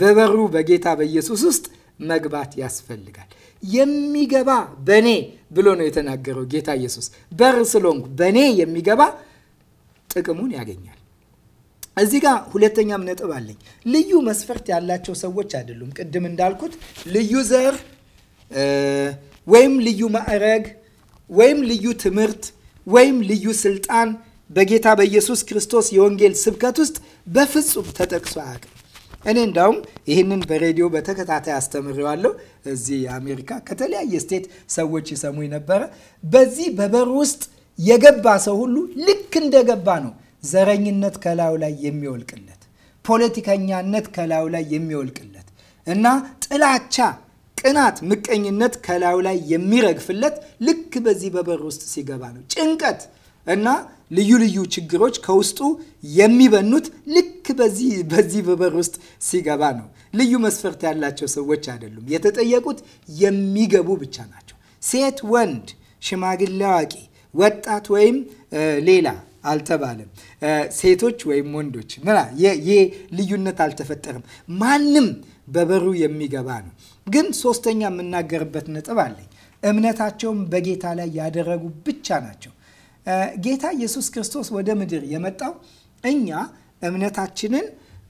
በበሩ በጌታ በኢየሱስ ውስጥ መግባት ያስፈልጋል። የሚገባ በእኔ ብሎ ነው የተናገረው ጌታ ኢየሱስ። በር ስለሆንኩ በእኔ የሚገባ ጥቅሙን ያገኛል። እዚህ ጋር ሁለተኛም ነጥብ አለኝ። ልዩ መስፈርት ያላቸው ሰዎች አይደሉም። ቅድም እንዳልኩት ልዩ ዘር ወይም ልዩ ማዕረግ ወይም ልዩ ትምህርት ወይም ልዩ ስልጣን በጌታ በኢየሱስ ክርስቶስ የወንጌል ስብከት ውስጥ በፍጹም ተጠቅሶ አያውቅም። እኔ እንዳውም ይህንን በሬዲዮ በተከታታይ አስተምሬዋለሁ። እዚህ የአሜሪካ ከተለያየ ስቴት ሰዎች ይሰሙኝ ነበረ። በዚህ በበር ውስጥ የገባ ሰው ሁሉ ልክ እንደገባ ነው ዘረኝነት ከላዩ ላይ የሚወልቅለት፣ ፖለቲከኛነት ከላዩ ላይ የሚወልቅለት እና ጥላቻ፣ ቅናት፣ ምቀኝነት ከላዩ ላይ የሚረግፍለት ልክ በዚህ በበር ውስጥ ሲገባ ነው ጭንቀት እና ልዩ ልዩ ችግሮች ከውስጡ የሚበኑት ልክ በዚህ በዚህ በበር ውስጥ ሲገባ ነው። ልዩ መስፈርት ያላቸው ሰዎች አይደሉም። የተጠየቁት የሚገቡ ብቻ ናቸው። ሴት፣ ወንድ፣ ሽማግሌ፣ አዋቂ፣ ወጣት ወይም ሌላ አልተባለም። ሴቶች ወይም ወንዶች ምና ይህ ልዩነት አልተፈጠረም። ማንም በበሩ የሚገባ ነው። ግን ሶስተኛ የምናገርበት ነጥብ አለኝ። እምነታቸውን በጌታ ላይ ያደረጉ ብቻ ናቸው ጌታ ኢየሱስ ክርስቶስ ወደ ምድር የመጣው እኛ እምነታችንን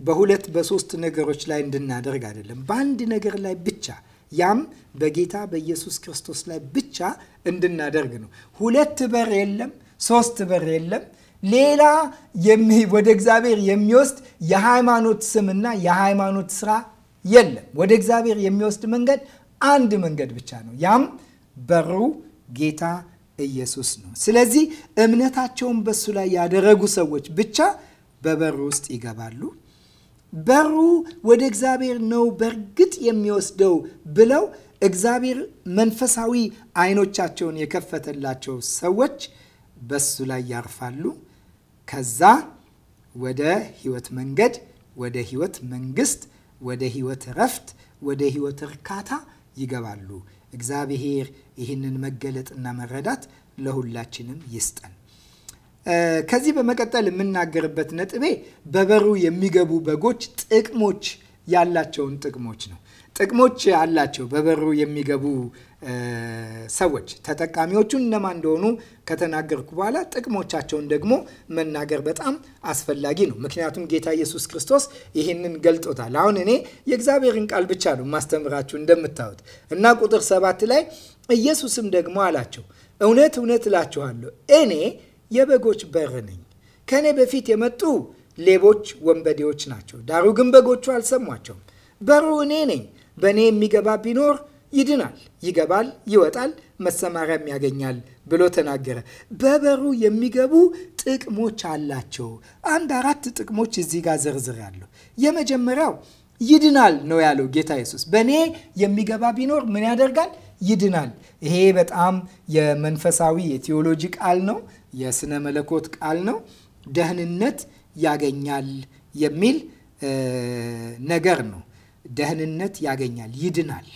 በሁለት በሶስት ነገሮች ላይ እንድናደርግ አይደለም፣ በአንድ ነገር ላይ ብቻ ያም በጌታ በኢየሱስ ክርስቶስ ላይ ብቻ እንድናደርግ ነው። ሁለት በር የለም፣ ሶስት በር የለም። ሌላ ወደ እግዚአብሔር የሚወስድ የሃይማኖት ስምና የሃይማኖት ስራ የለም። ወደ እግዚአብሔር የሚወስድ መንገድ አንድ መንገድ ብቻ ነው። ያም በሩ ጌታ ኢየሱስ ነው። ስለዚህ እምነታቸውን በሱ ላይ ያደረጉ ሰዎች ብቻ በበሩ ውስጥ ይገባሉ። በሩ ወደ እግዚአብሔር ነው በእርግጥ የሚወስደው ብለው እግዚአብሔር መንፈሳዊ አይኖቻቸውን የከፈተላቸው ሰዎች በሱ ላይ ያርፋሉ። ከዛ ወደ ህይወት መንገድ፣ ወደ ህይወት መንግስት፣ ወደ ህይወት እረፍት፣ ወደ ህይወት እርካታ ይገባሉ። እግዚአብሔር ይህንን መገለጥና መረዳት ለሁላችንም ይስጠን። ከዚህ በመቀጠል የምናገርበት ነጥቤ በበሩ የሚገቡ በጎች ጥቅሞች ያላቸውን ጥቅሞች ነው። ጥቅሞች አላቸው በበሩ የሚገቡ ሰዎች ተጠቃሚዎቹ እነማን እንደሆኑ ከተናገርኩ በኋላ ጥቅሞቻቸውን ደግሞ መናገር በጣም አስፈላጊ ነው። ምክንያቱም ጌታ ኢየሱስ ክርስቶስ ይህንን ገልጦታል። አሁን እኔ የእግዚአብሔርን ቃል ብቻ ነው ማስተምራችሁ እንደምታዩት እና ቁጥር ሰባት ላይ ኢየሱስም ደግሞ አላቸው እውነት እውነት እላችኋለሁ እኔ የበጎች በር ነኝ። ከእኔ በፊት የመጡ ሌቦች፣ ወንበዴዎች ናቸው፣ ዳሩ ግን በጎቹ አልሰሟቸውም። በሩ እኔ ነኝ። በእኔ የሚገባ ቢኖር ይድናል፣ ይገባል፣ ይወጣል፣ መሰማሪያም ያገኛል ብሎ ተናገረ። በበሩ የሚገቡ ጥቅሞች አላቸው። አንድ አራት ጥቅሞች እዚህ ጋር ያለ የመጀመሪያው ይድናል ነው ያለው ጌታ ኢየሱስ። በእኔ የሚገባ ቢኖር ምን ያደርጋል? ይድናል። ይሄ በጣም የመንፈሳዊ የቴዎሎጂ ቃል ነው፣ የስነ መለኮት ቃል ነው። ደህንነት ያገኛል የሚል ነገር ነው። ደህንነት ያገኛል፣ ይድናል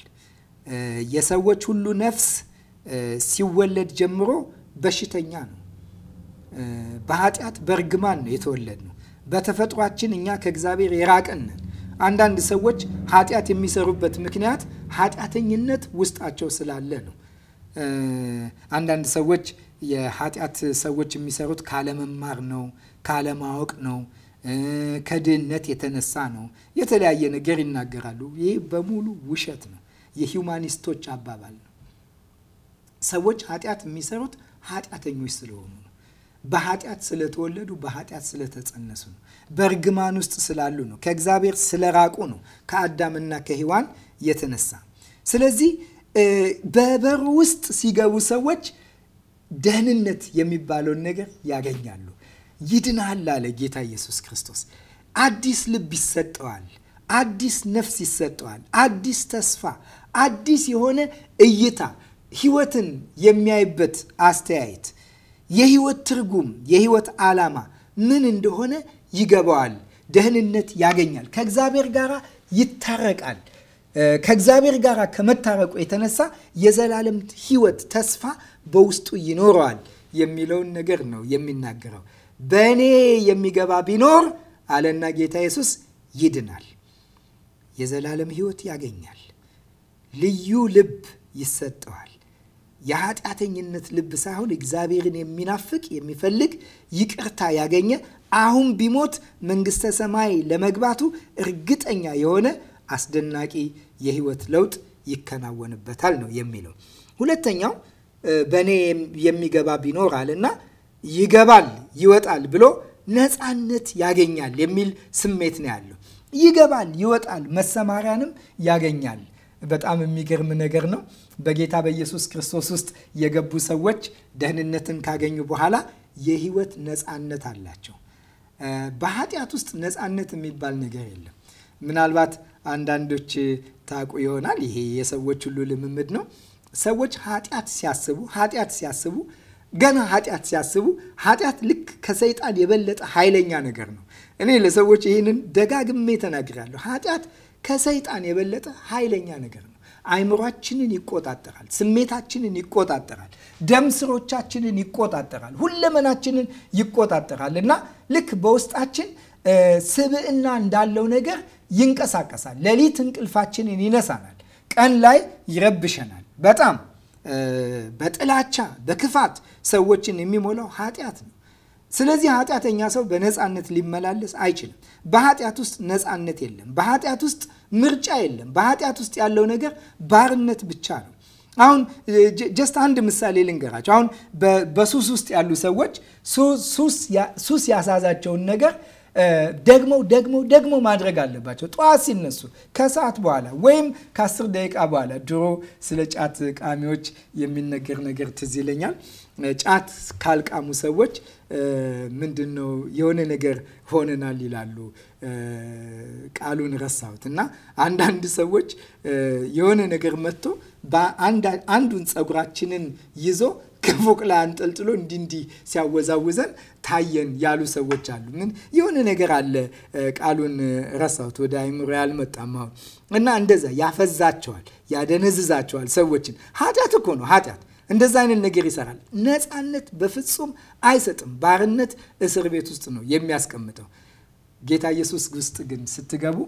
የሰዎች ሁሉ ነፍስ ሲወለድ ጀምሮ በሽተኛ ነው። በኃጢአት በእርግማን ነው የተወለድ ነው። በተፈጥሯችን እኛ ከእግዚአብሔር የራቅን ነን። አንዳንድ ሰዎች ኃጢአት የሚሰሩበት ምክንያት ኃጢአተኝነት ውስጣቸው ስላለ ነው። አንዳንድ ሰዎች የኃጢአት ሰዎች የሚሰሩት ካለመማር ነው፣ ካለማወቅ ነው፣ ከድህነት የተነሳ ነው። የተለያየ ነገር ይናገራሉ። ይህ በሙሉ ውሸት ነው። የሂውማኒስቶች አባባል ነው። ሰዎች ኃጢአት የሚሰሩት ኃጢአተኞች ስለሆኑ ነው። በኃጢአት ስለተወለዱ፣ በኃጢአት ስለተጸነሱ ነው። በእርግማን ውስጥ ስላሉ ነው። ከእግዚአብሔር ስለራቁ ነው። ከአዳምና ከሔዋን የተነሳ ስለዚህ በበሩ ውስጥ ሲገቡ ሰዎች ደህንነት የሚባለውን ነገር ያገኛሉ። ይድናል አለ ጌታ ኢየሱስ ክርስቶስ። አዲስ ልብ ይሰጠዋል። አዲስ ነፍስ ይሰጠዋል። አዲስ ተስፋ፣ አዲስ የሆነ እይታ ህይወትን የሚያይበት አስተያየት፣ የህይወት ትርጉም፣ የህይወት ዓላማ ምን እንደሆነ ይገባዋል። ደህንነት ያገኛል። ከእግዚአብሔር ጋር ይታረቃል። ከእግዚአብሔር ጋር ከመታረቁ የተነሳ የዘላለም ህይወት ተስፋ በውስጡ ይኖረዋል የሚለውን ነገር ነው የሚናገረው። በእኔ የሚገባ ቢኖር አለና ጌታ ኢየሱስ ይድናል፣ የዘላለም ህይወት ያገኛል። ልዩ ልብ ይሰጠዋል። የኃጢአተኝነት ልብ ሳይሆን እግዚአብሔርን የሚናፍቅ የሚፈልግ ይቅርታ ያገኘ አሁን ቢሞት መንግስተ ሰማይ ለመግባቱ እርግጠኛ የሆነ አስደናቂ የህይወት ለውጥ ይከናወንበታል ነው የሚለው። ሁለተኛው በእኔ የሚገባ ቢኖር አለና ይገባል ይወጣል ብሎ ነፃነት ያገኛል የሚል ስሜት ነው ያለው። ይገባል ይወጣል መሰማሪያንም ያገኛል በጣም የሚገርም ነገር ነው። በጌታ በኢየሱስ ክርስቶስ ውስጥ የገቡ ሰዎች ደህንነትን ካገኙ በኋላ የህይወት ነፃነት አላቸው። በኃጢአት ውስጥ ነፃነት የሚባል ነገር የለም። ምናልባት አንዳንዶች ታውቁ ይሆናል። ይሄ የሰዎች ሁሉ ልምምድ ነው። ሰዎች ኃጢአት ሲያስቡ ኃጢአት ሲያስቡ ገና ኃጢአት ሲያስቡ ኃጢአት ልክ ከሰይጣን የበለጠ ኃይለኛ ነገር ነው። እኔ ለሰዎች ይህንን ደጋግሜ ተናግራለሁ። ኃጢአት ከሰይጣን የበለጠ ኃይለኛ ነገር ነው። አይምሯችንን ይቆጣጠራል። ስሜታችንን ይቆጣጠራል። ደም ስሮቻችንን ይቆጣጠራል። ሁለመናችንን ይቆጣጠራል እና ልክ በውስጣችን ስብዕና እንዳለው ነገር ይንቀሳቀሳል። ሌሊት እንቅልፋችንን ይነሳናል። ቀን ላይ ይረብሸናል። በጣም በጥላቻ በክፋት ሰዎችን የሚሞላው ኃጢአት ነው። ስለዚህ ኃጢአተኛ ሰው በነፃነት ሊመላለስ አይችልም። በኃጢአት ውስጥ ነፃነት የለም። በኃጢአት ውስጥ ምርጫ የለም። በኃጢአት ውስጥ ያለው ነገር ባርነት ብቻ ነው። አሁን ጀስት አንድ ምሳሌ ልንገራቸው። አሁን በሱስ ውስጥ ያሉ ሰዎች ሱስ ያሳዛቸውን ነገር ደግመው ደግመው ደግሞ ማድረግ አለባቸው። ጠዋት ሲነሱ ከሰዓት በኋላ ወይም ከአስር ደቂቃ በኋላ ድሮ ስለ ጫት ቃሚዎች የሚነገር ነገር ትዝ ይለኛል። ጫት ካልቃሙ ሰዎች ምንድን ነው የሆነ ነገር ሆነናል ይላሉ። ቃሉን ረሳሁት እና አንዳንድ ሰዎች የሆነ ነገር መጥቶ አንዱን ፀጉራችንን ይዞ ከፎቅ ላይ አንጠልጥሎ እንዲ እንዲ ሲያወዛውዘን ታየን ያሉ ሰዎች አሉ። ምን የሆነ ነገር አለ፣ ቃሉን ረሳሁት፣ ወደ አይምሮ ያልመጣም አሁን እና እንደዛ ያፈዛቸዋል፣ ያደነዝዛቸዋል ሰዎችን። ኃጢአት እኮ ነው ኃጢአት እንደዛ አይነት ነገር ይሰራል። ነፃነት በፍጹም አይሰጥም። ባርነት እስር ቤት ውስጥ ነው የሚያስቀምጠው። ጌታ ኢየሱስ ውስጥ ግን ስትገቡ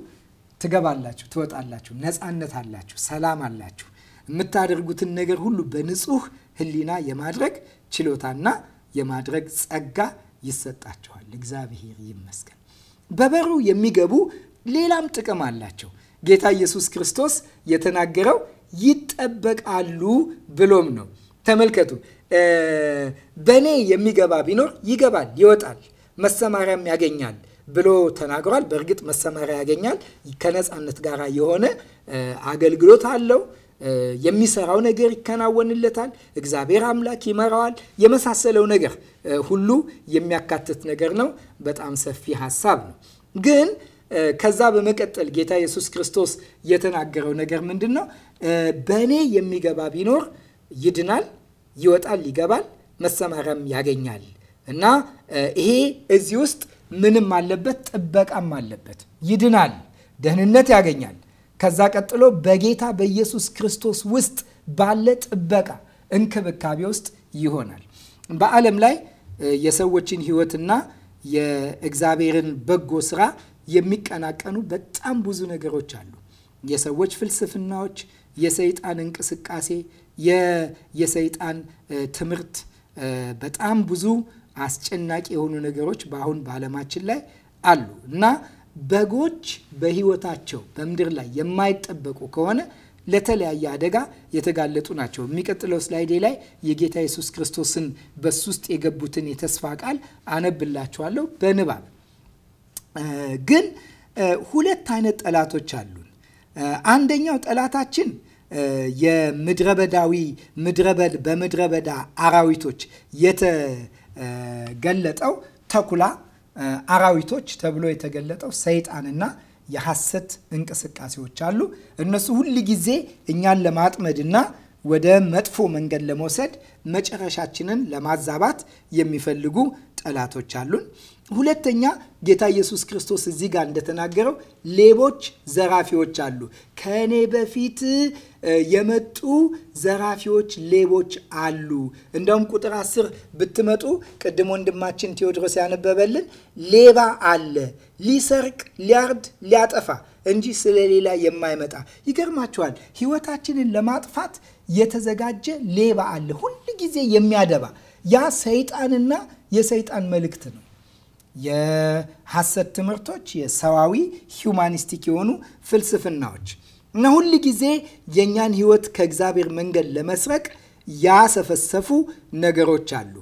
ትገባላችሁ፣ ትወጣላችሁ፣ ነፃነት አላችሁ፣ ሰላም አላችሁ። የምታደርጉትን ነገር ሁሉ በንጹህ ህሊና የማድረግ ችሎታና የማድረግ ጸጋ ይሰጣቸዋል። እግዚአብሔር ይመስገን። በበሩ የሚገቡ ሌላም ጥቅም አላቸው። ጌታ ኢየሱስ ክርስቶስ የተናገረው ይጠበቃሉ ብሎም ነው። ተመልከቱ፣ በእኔ የሚገባ ቢኖር ይገባል፣ ይወጣል፣ መሰማሪያም ያገኛል ብሎ ተናግሯል። በእርግጥ መሰማሪያ ያገኛል ከነፃነት ጋር የሆነ አገልግሎት አለው። የሚሰራው ነገር ይከናወንለታል፣ እግዚአብሔር አምላክ ይመራዋል፣ የመሳሰለው ነገር ሁሉ የሚያካትት ነገር ነው። በጣም ሰፊ ሀሳብ ነው። ግን ከዛ በመቀጠል ጌታ ኢየሱስ ክርስቶስ የተናገረው ነገር ምንድን ነው? በእኔ የሚገባ ቢኖር ይድናል፣ ይወጣል፣ ይገባል፣ መሰማሪያም ያገኛል። እና ይሄ እዚህ ውስጥ ምንም አለበት፣ ጥበቃም አለበት። ይድናል፣ ደህንነት ያገኛል ከዛ ቀጥሎ በጌታ በኢየሱስ ክርስቶስ ውስጥ ባለ ጥበቃ እንክብካቤ ውስጥ ይሆናል። በዓለም ላይ የሰዎችን ሕይወትና የእግዚአብሔርን በጎ ስራ የሚቀናቀኑ በጣም ብዙ ነገሮች አሉ። የሰዎች ፍልስፍናዎች፣ የሰይጣን እንቅስቃሴ፣ የሰይጣን ትምህርት፣ በጣም ብዙ አስጨናቂ የሆኑ ነገሮች በአሁን በዓለማችን ላይ አሉ እና በጎች በህይወታቸው በምድር ላይ የማይጠበቁ ከሆነ ለተለያየ አደጋ የተጋለጡ ናቸው። የሚቀጥለው ስላይዴ ላይ የጌታ ኢየሱስ ክርስቶስን በሱ ውስጥ የገቡትን የተስፋ ቃል አነብላችኋለሁ በንባብ ግን ሁለት አይነት ጠላቶች አሉን። አንደኛው ጠላታችን የምድረበዳዊ ምድረበድ በምድረበዳ አራዊቶች የተገለጠው ተኩላ አራዊቶች ተብሎ የተገለጠው ሰይጣንና የሐሰት እንቅስቃሴዎች አሉ። እነሱ ሁል ጊዜ እኛን ለማጥመድና ወደ መጥፎ መንገድ ለመውሰድ መጨረሻችንን ለማዛባት የሚፈልጉ ጠላቶች አሉን። ሁለተኛ ጌታ ኢየሱስ ክርስቶስ እዚህ ጋር እንደተናገረው ሌቦች፣ ዘራፊዎች አሉ። ከእኔ በፊት የመጡ ዘራፊዎች፣ ሌቦች አሉ። እንደውም ቁጥር አስር ብትመጡ ቅድም ወንድማችን ቴዎድሮስ ያነበበልን ሌባ አለ ሊሰርቅ፣ ሊያርድ፣ ሊያጠፋ እንጂ ስለሌላ የማይመጣ ይገርማችኋል። ሕይወታችንን ለማጥፋት የተዘጋጀ ሌባ አለ፣ ሁል ጊዜ የሚያደባ ያ ሰይጣንና የሰይጣን መልእክት ነው። የሐሰት ትምህርቶች፣ የሰዋዊ ሂውማኒስቲክ የሆኑ ፍልስፍናዎች እና ሁል ጊዜ የእኛን ህይወት ከእግዚአብሔር መንገድ ለመስረቅ ያሰፈሰፉ ነገሮች አሉ።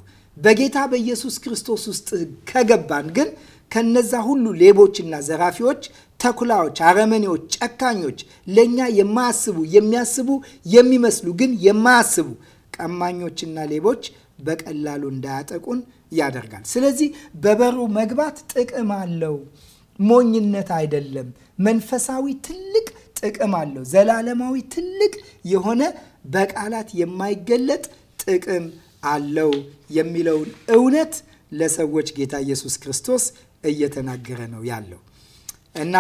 በጌታ በኢየሱስ ክርስቶስ ውስጥ ከገባን ግን ከነዛ ሁሉ ሌቦችና ዘራፊዎች፣ ተኩላዎች፣ አረመኔዎች፣ ጨካኞች፣ ለእኛ የማያስቡ የሚያስቡ የሚመስሉ ግን የማያስቡ ቀማኞችና ሌቦች በቀላሉ እንዳያጠቁን ያደርጋል። ስለዚህ በበሩ መግባት ጥቅም አለው። ሞኝነት አይደለም። መንፈሳዊ ትልቅ ጥቅም አለው። ዘላለማዊ ትልቅ የሆነ በቃላት የማይገለጥ ጥቅም አለው የሚለውን እውነት ለሰዎች ጌታ ኢየሱስ ክርስቶስ እየተናገረ ነው ያለው እና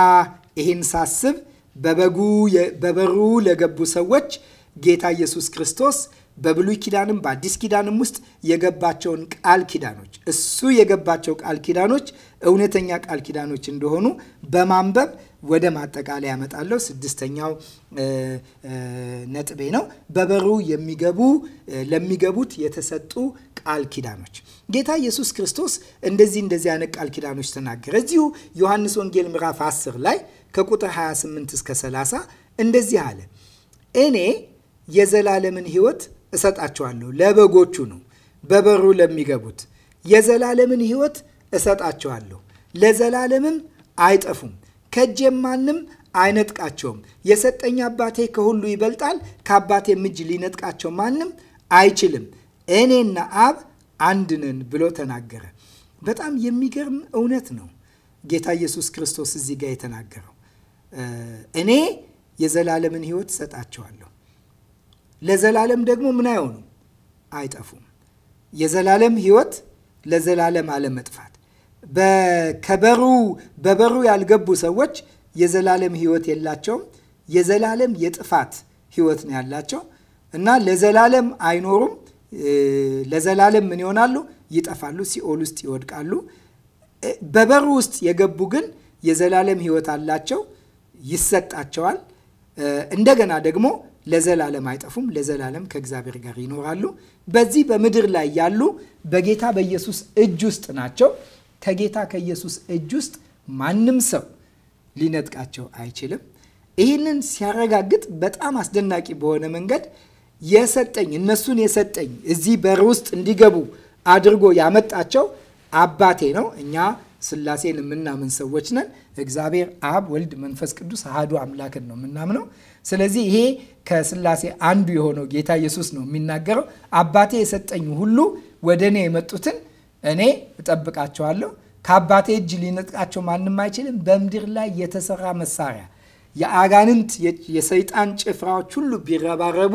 ይህን ሳስብ በበሩ ለገቡ ሰዎች ጌታ ኢየሱስ ክርስቶስ በብሉይ ኪዳንም በአዲስ ኪዳንም ውስጥ የገባቸውን ቃል ኪዳኖች እሱ የገባቸው ቃል ኪዳኖች እውነተኛ ቃል ኪዳኖች እንደሆኑ በማንበብ ወደ ማጠቃለያ ያመጣለው ስድስተኛው ነጥቤ ነው። በበሩ የሚገቡ ለሚገቡት የተሰጡ ቃል ኪዳኖች ጌታ ኢየሱስ ክርስቶስ እንደዚህ እንደዚህ አይነት ቃል ኪዳኖች ተናገረ። እዚሁ ዮሐንስ ወንጌል ምዕራፍ 10 ላይ ከቁጥር 28 እስከ 30 እንደዚህ አለ እኔ የዘላለምን ሕይወት እሰጣቸዋለሁ። ለበጎቹ ነው፣ በበሩ ለሚገቡት የዘላለምን ሕይወት እሰጣቸዋለሁ፣ ለዘላለምም አይጠፉም፣ ከእጄም ማንም አይነጥቃቸውም። የሰጠኝ አባቴ ከሁሉ ይበልጣል፣ ከአባቴም እጅ ሊነጥቃቸው ማንም አይችልም፣ እኔና አብ አንድነን ብሎ ተናገረ። በጣም የሚገርም እውነት ነው ጌታ ኢየሱስ ክርስቶስ እዚህ ጋር የተናገረው። እኔ የዘላለምን ሕይወት እሰጣቸዋለሁ ለዘላለም ደግሞ ምን አይሆኑም፣ አይጠፉም። የዘላለም ህይወት ለዘላለም አለመጥፋት። ከበሩ በበሩ ያልገቡ ሰዎች የዘላለም ህይወት የላቸውም። የዘላለም የጥፋት ህይወት ነው ያላቸው እና ለዘላለም አይኖሩም። ለዘላለም ምን ይሆናሉ? ይጠፋሉ፣ ሲኦል ውስጥ ይወድቃሉ። በበሩ ውስጥ የገቡ ግን የዘላለም ህይወት አላቸው፣ ይሰጣቸዋል። እንደገና ደግሞ ለዘላለም አይጠፉም፣ ለዘላለም ከእግዚአብሔር ጋር ይኖራሉ። በዚህ በምድር ላይ ያሉ በጌታ በኢየሱስ እጅ ውስጥ ናቸው። ከጌታ ከኢየሱስ እጅ ውስጥ ማንም ሰው ሊነጥቃቸው አይችልም። ይህንን ሲያረጋግጥ በጣም አስደናቂ በሆነ መንገድ የሰጠኝ እነሱን የሰጠኝ እዚህ በር ውስጥ እንዲገቡ አድርጎ ያመጣቸው አባቴ ነው እኛ ስላሴን የምናምን ሰዎች ነን። እግዚአብሔር አብ፣ ወልድ፣ መንፈስ ቅዱስ አህዱ አምላክን ነው የምናምነው። ስለዚህ ይሄ ከስላሴ አንዱ የሆነው ጌታ ኢየሱስ ነው የሚናገረው። አባቴ የሰጠኝ ሁሉ ወደ እኔ የመጡትን እኔ እጠብቃቸዋለሁ፣ ከአባቴ እጅ ሊነጥቃቸው ማንም አይችልም። በምድር ላይ የተሰራ መሳሪያ የአጋንንት የሰይጣን ጭፍራዎች ሁሉ ቢረባረቡ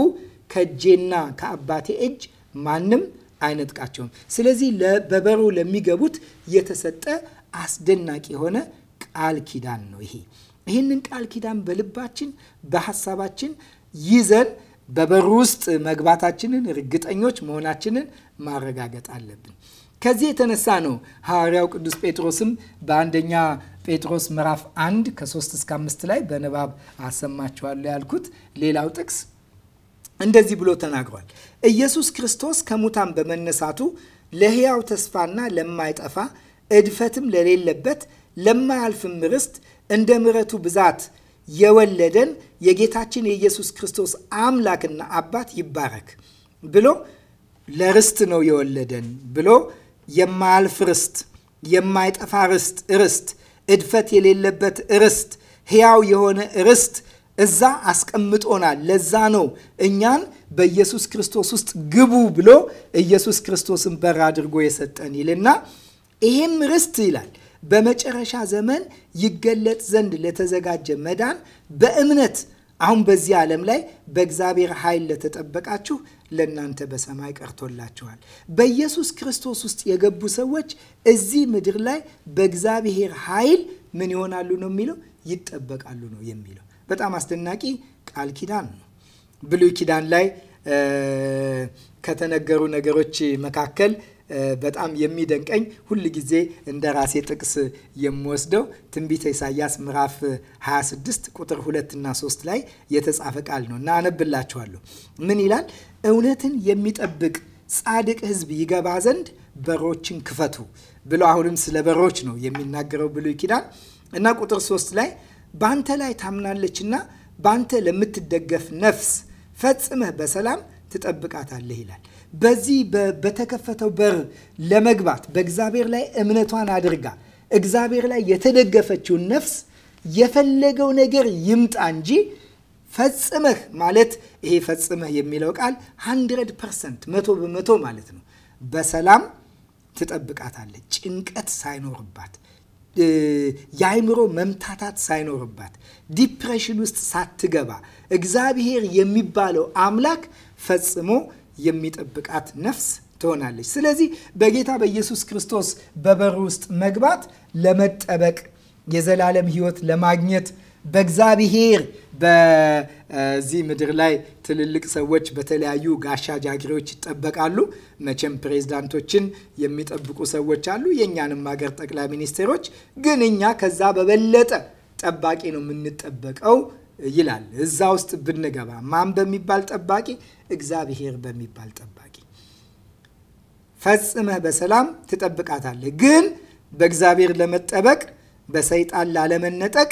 ከእጄና ከአባቴ እጅ ማንም አይነጥቃቸውም። ስለዚህ በበሩ ለሚገቡት የተሰጠ አስደናቂ የሆነ ቃል ኪዳን ነው ይሄ። ይህንን ቃል ኪዳን በልባችን በሀሳባችን ይዘን በበሩ ውስጥ መግባታችንን እርግጠኞች መሆናችንን ማረጋገጥ አለብን። ከዚህ የተነሳ ነው ሐዋርያው ቅዱስ ጴጥሮስም በአንደኛ ጴጥሮስ ምዕራፍ 1 ከ3 እስከ 5 ላይ በንባብ አሰማችኋለሁ ያልኩት ሌላው ጥቅስ እንደዚህ ብሎ ተናግሯል። ኢየሱስ ክርስቶስ ከሙታን በመነሳቱ ለሕያው ተስፋና ለማይጠፋ እድፈትም ለሌለበት ለማያልፍም ርስት እንደ ምረቱ ብዛት የወለደን የጌታችን የኢየሱስ ክርስቶስ አምላክና አባት ይባረክ ብሎ ለርስት ነው የወለደን ብሎ የማያልፍ ርስት፣ የማይጠፋ ርስት፣ ርስት እድፈት የሌለበት ርስት፣ ሕያው የሆነ ርስት እዛ አስቀምጦናል። ለዛ ነው እኛን በኢየሱስ ክርስቶስ ውስጥ ግቡ ብሎ ኢየሱስ ክርስቶስን በር አድርጎ የሰጠን ይልና ይሄም ርስት ይላል በመጨረሻ ዘመን ይገለጥ ዘንድ ለተዘጋጀ መዳን በእምነት አሁን በዚህ ዓለም ላይ በእግዚአብሔር ኃይል ለተጠበቃችሁ ለእናንተ በሰማይ ቀርቶላችኋል። በኢየሱስ ክርስቶስ ውስጥ የገቡ ሰዎች እዚህ ምድር ላይ በእግዚአብሔር ኃይል ምን ይሆናሉ ነው የሚለው ይጠበቃሉ ነው የሚለው። በጣም አስደናቂ ቃል ኪዳን ነው። ብሉይ ኪዳን ላይ ከተነገሩ ነገሮች መካከል በጣም የሚደንቀኝ ሁል ጊዜ እንደ ራሴ ጥቅስ የምወስደው ትንቢተ ኢሳያስ ምዕራፍ 26 ቁጥር 2 እና 3 ላይ የተጻፈ ቃል ነው እና አነብላችኋለሁ። ምን ይላል? እውነትን የሚጠብቅ ጻድቅ ሕዝብ ይገባ ዘንድ በሮችን ክፈቱ ብሎ አሁንም ስለ በሮች ነው የሚናገረው ብሉይ ኪዳን እና ቁጥር 3 ላይ በአንተ ላይ ታምናለችና በአንተ ለምትደገፍ ነፍስ ፈጽመህ በሰላም ትጠብቃታለህ ይላል። በዚህ በተከፈተው በር ለመግባት በእግዚአብሔር ላይ እምነቷን አድርጋ እግዚአብሔር ላይ የተደገፈችውን ነፍስ የፈለገው ነገር ይምጣ እንጂ ፈጽመህ ማለት ይሄ ፈጽመህ የሚለው ቃል 100 መቶ በመቶ ማለት ነው። በሰላም ትጠብቃታለ ጭንቀት ሳይኖርባት፣ የአይምሮ መምታታት ሳይኖርባት፣ ዲፕሬሽን ውስጥ ሳትገባ እግዚአብሔር የሚባለው አምላክ ፈጽሞ የሚጠብቃት ነፍስ ትሆናለች። ስለዚህ በጌታ በኢየሱስ ክርስቶስ በበር ውስጥ መግባት ለመጠበቅ የዘላለም ሕይወት ለማግኘት በእግዚአብሔር በዚህ ምድር ላይ ትልልቅ ሰዎች በተለያዩ ጋሻ ጃግሬዎች ይጠበቃሉ። መቼም ፕሬዝዳንቶችን የሚጠብቁ ሰዎች አሉ፣ የእኛንም ሀገር ጠቅላይ ሚኒስቴሮች። ግን እኛ ከዛ በበለጠ ጠባቂ ነው የምንጠበቀው ይላል። እዛ ውስጥ ብንገባ ማን በሚባል ጠባቂ? እግዚአብሔር በሚባል ጠባቂ ፈጽመህ በሰላም ትጠብቃታለህ። ግን በእግዚአብሔር ለመጠበቅ በሰይጣን ላለመነጠቅ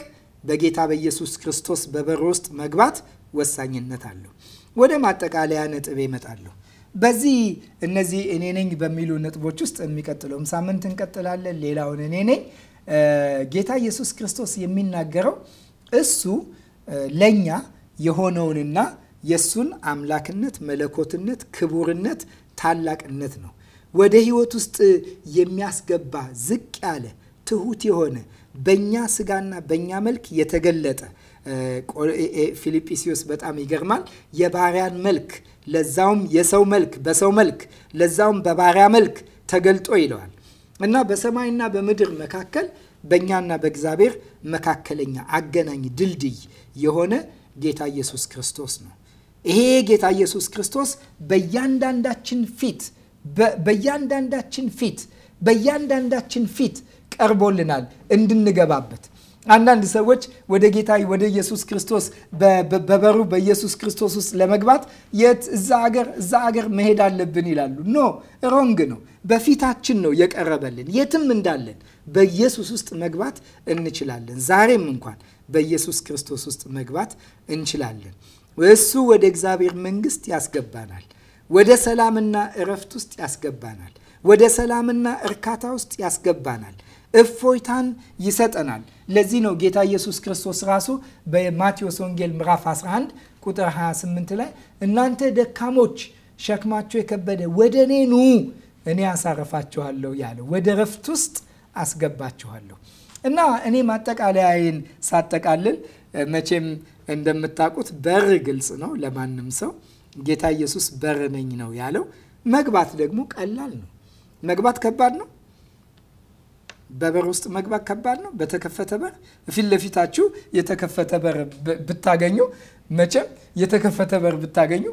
በጌታ በኢየሱስ ክርስቶስ በበር ውስጥ መግባት ወሳኝነት አለው። ወደ ማጠቃለያ ነጥብ ይመጣለሁ በዚህ እነዚህ እኔ ነኝ በሚሉ ነጥቦች ውስጥ የሚቀጥለውም ሳምንት እንቀጥላለን። ሌላውን እኔ ነኝ ጌታ ኢየሱስ ክርስቶስ የሚናገረው እሱ ለእኛ የሆነውንና የእሱን አምላክነት፣ መለኮትነት፣ ክቡርነት፣ ታላቅነት ነው። ወደ ህይወት ውስጥ የሚያስገባ ዝቅ ያለ ትሁት የሆነ በእኛ ስጋና በእኛ መልክ የተገለጠ ፊልጵስዩስ በጣም ይገርማል። የባሪያን መልክ ለዛውም የሰው መልክ በሰው መልክ ለዛውም በባሪያ መልክ ተገልጦ ይለዋል እና በሰማይና በምድር መካከል በእኛና በእግዚአብሔር መካከለኛ አገናኝ ድልድይ የሆነ ጌታ ኢየሱስ ክርስቶስ ነው። ይሄ ጌታ ኢየሱስ ክርስቶስ በእያንዳንዳችን ፊት በእያንዳንዳችን ፊት በእያንዳንዳችን ፊት ቀርቦልናል እንድንገባበት አንዳንድ ሰዎች ወደ ጌታ ወደ ኢየሱስ ክርስቶስ በበሩ በኢየሱስ ክርስቶስ ውስጥ ለመግባት የት እዛ አገር እዛ አገር መሄድ አለብን ይላሉ። ኖ ሮንግ ነው። በፊታችን ነው የቀረበልን። የትም እንዳለን በኢየሱስ ውስጥ መግባት እንችላለን። ዛሬም እንኳን በኢየሱስ ክርስቶስ ውስጥ መግባት እንችላለን። እሱ ወደ እግዚአብሔር መንግስት ያስገባናል። ወደ ሰላምና እረፍት ውስጥ ያስገባናል። ወደ ሰላምና እርካታ ውስጥ ያስገባናል። እፎይታን ይሰጠናል። ለዚህ ነው ጌታ ኢየሱስ ክርስቶስ ራሱ በማቴዎስ ወንጌል ምዕራፍ 11 ቁጥር 28 ላይ እናንተ ደካሞች፣ ሸክማቸው የከበደ ወደ እኔ ኑ እኔ አሳርፋችኋለሁ ያለው ወደ ረፍት ውስጥ አስገባችኋለሁ። እና እኔ ማጠቃለያዬን ሳጠቃልል መቼም እንደምታውቁት በር ግልጽ ነው ለማንም ሰው። ጌታ ኢየሱስ በር ነኝ ነው ያለው። መግባት ደግሞ ቀላል ነው። መግባት ከባድ ነው። በበር ውስጥ መግባት ከባድ ነው። በተከፈተ በር ፊት ለፊታችሁ የተከፈተ በር ብታገኙ መቼም የተከፈተ በር ብታገኙ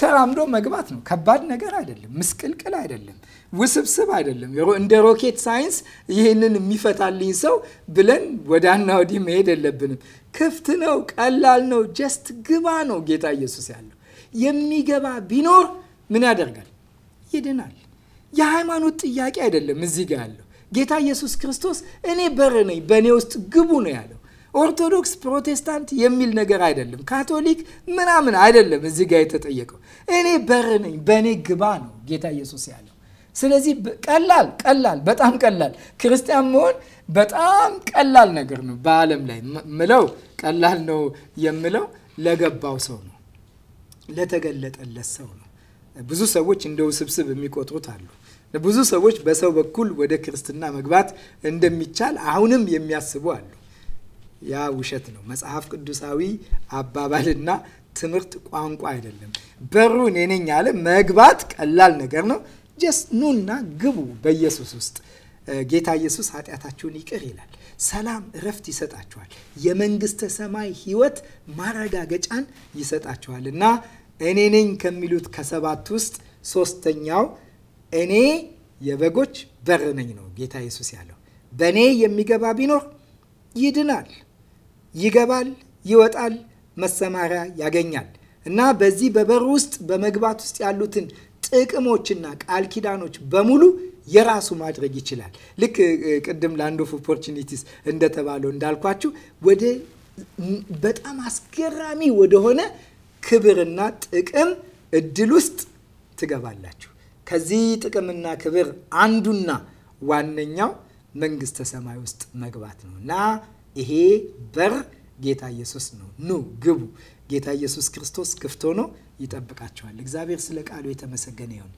ተራምዶ መግባት ነው። ከባድ ነገር አይደለም፣ ምስቅልቅል አይደለም፣ ውስብስብ አይደለም። እንደ ሮኬት ሳይንስ ይህንን የሚፈታልኝ ሰው ብለን ወዳና ወዲህ መሄድ የለብንም። ክፍት ነው፣ ቀላል ነው። ጀስት ግባ ነው ጌታ ኢየሱስ ያለው። የሚገባ ቢኖር ምን ያደርጋል? ይድናል። የሃይማኖት ጥያቄ አይደለም እዚህ ጋር ያለው ጌታ ኢየሱስ ክርስቶስ እኔ በር ነኝ፣ በእኔ ውስጥ ግቡ ነው ያለው። ኦርቶዶክስ፣ ፕሮቴስታንት የሚል ነገር አይደለም። ካቶሊክ ምናምን አይደለም። እዚህ ጋር የተጠየቀው እኔ በር ነኝ፣ በእኔ ግባ ነው ጌታ ኢየሱስ ያለው። ስለዚህ ቀላል ቀላል በጣም ቀላል ክርስቲያን መሆን በጣም ቀላል ነገር ነው በዓለም ላይ ምለው ቀላል ነው የምለው ለገባው ሰው ነው፣ ለተገለጠለት ሰው ነው። ብዙ ሰዎች እንደ ውስብስብ የሚቆጥሩት አሉ። ብዙ ሰዎች በሰው በኩል ወደ ክርስትና መግባት እንደሚቻል አሁንም የሚያስቡ አሉ። ያ ውሸት ነው። መጽሐፍ ቅዱሳዊ አባባልና ትምህርት ቋንቋ አይደለም። በሩ እኔ ነኝ አለ መግባት ቀላል ነገር ነው። ጀስ ኑና ግቡ። በኢየሱስ ውስጥ ጌታ ኢየሱስ ኃጢአታችሁን ይቅር ይላል። ሰላም፣ እረፍት ይሰጣችኋል። የመንግስተ ሰማይ ህይወት ማረጋገጫን ይሰጣችኋል እና እኔ ነኝ ከሚሉት ከሰባት ውስጥ ሶስተኛው እኔ የበጎች በር ነኝ ነው ጌታ ኢየሱስ ያለው። በእኔ የሚገባ ቢኖር ይድናል፣ ይገባል፣ ይወጣል፣ መሰማሪያ ያገኛል እና በዚህ በበር ውስጥ በመግባት ውስጥ ያሉትን ጥቅሞችና ቃል ኪዳኖች በሙሉ የራሱ ማድረግ ይችላል። ልክ ቅድም ላንድ ኦፍ ኦፖርቹኒቲስ እንደተባለው እንዳልኳችሁ ወደ በጣም አስገራሚ ወደሆነ ክብርና ጥቅም እድል ውስጥ ትገባላችሁ። ከዚህ ጥቅምና ክብር አንዱና ዋነኛው መንግስተ ሰማይ ውስጥ መግባት ነው እና ይሄ በር ጌታ ኢየሱስ ነው። ኑ ግቡ። ጌታ ኢየሱስ ክርስቶስ ክፍት ሆኖ ይጠብቃቸዋል። እግዚአብሔር ስለ ቃሉ የተመሰገነ ይሁን።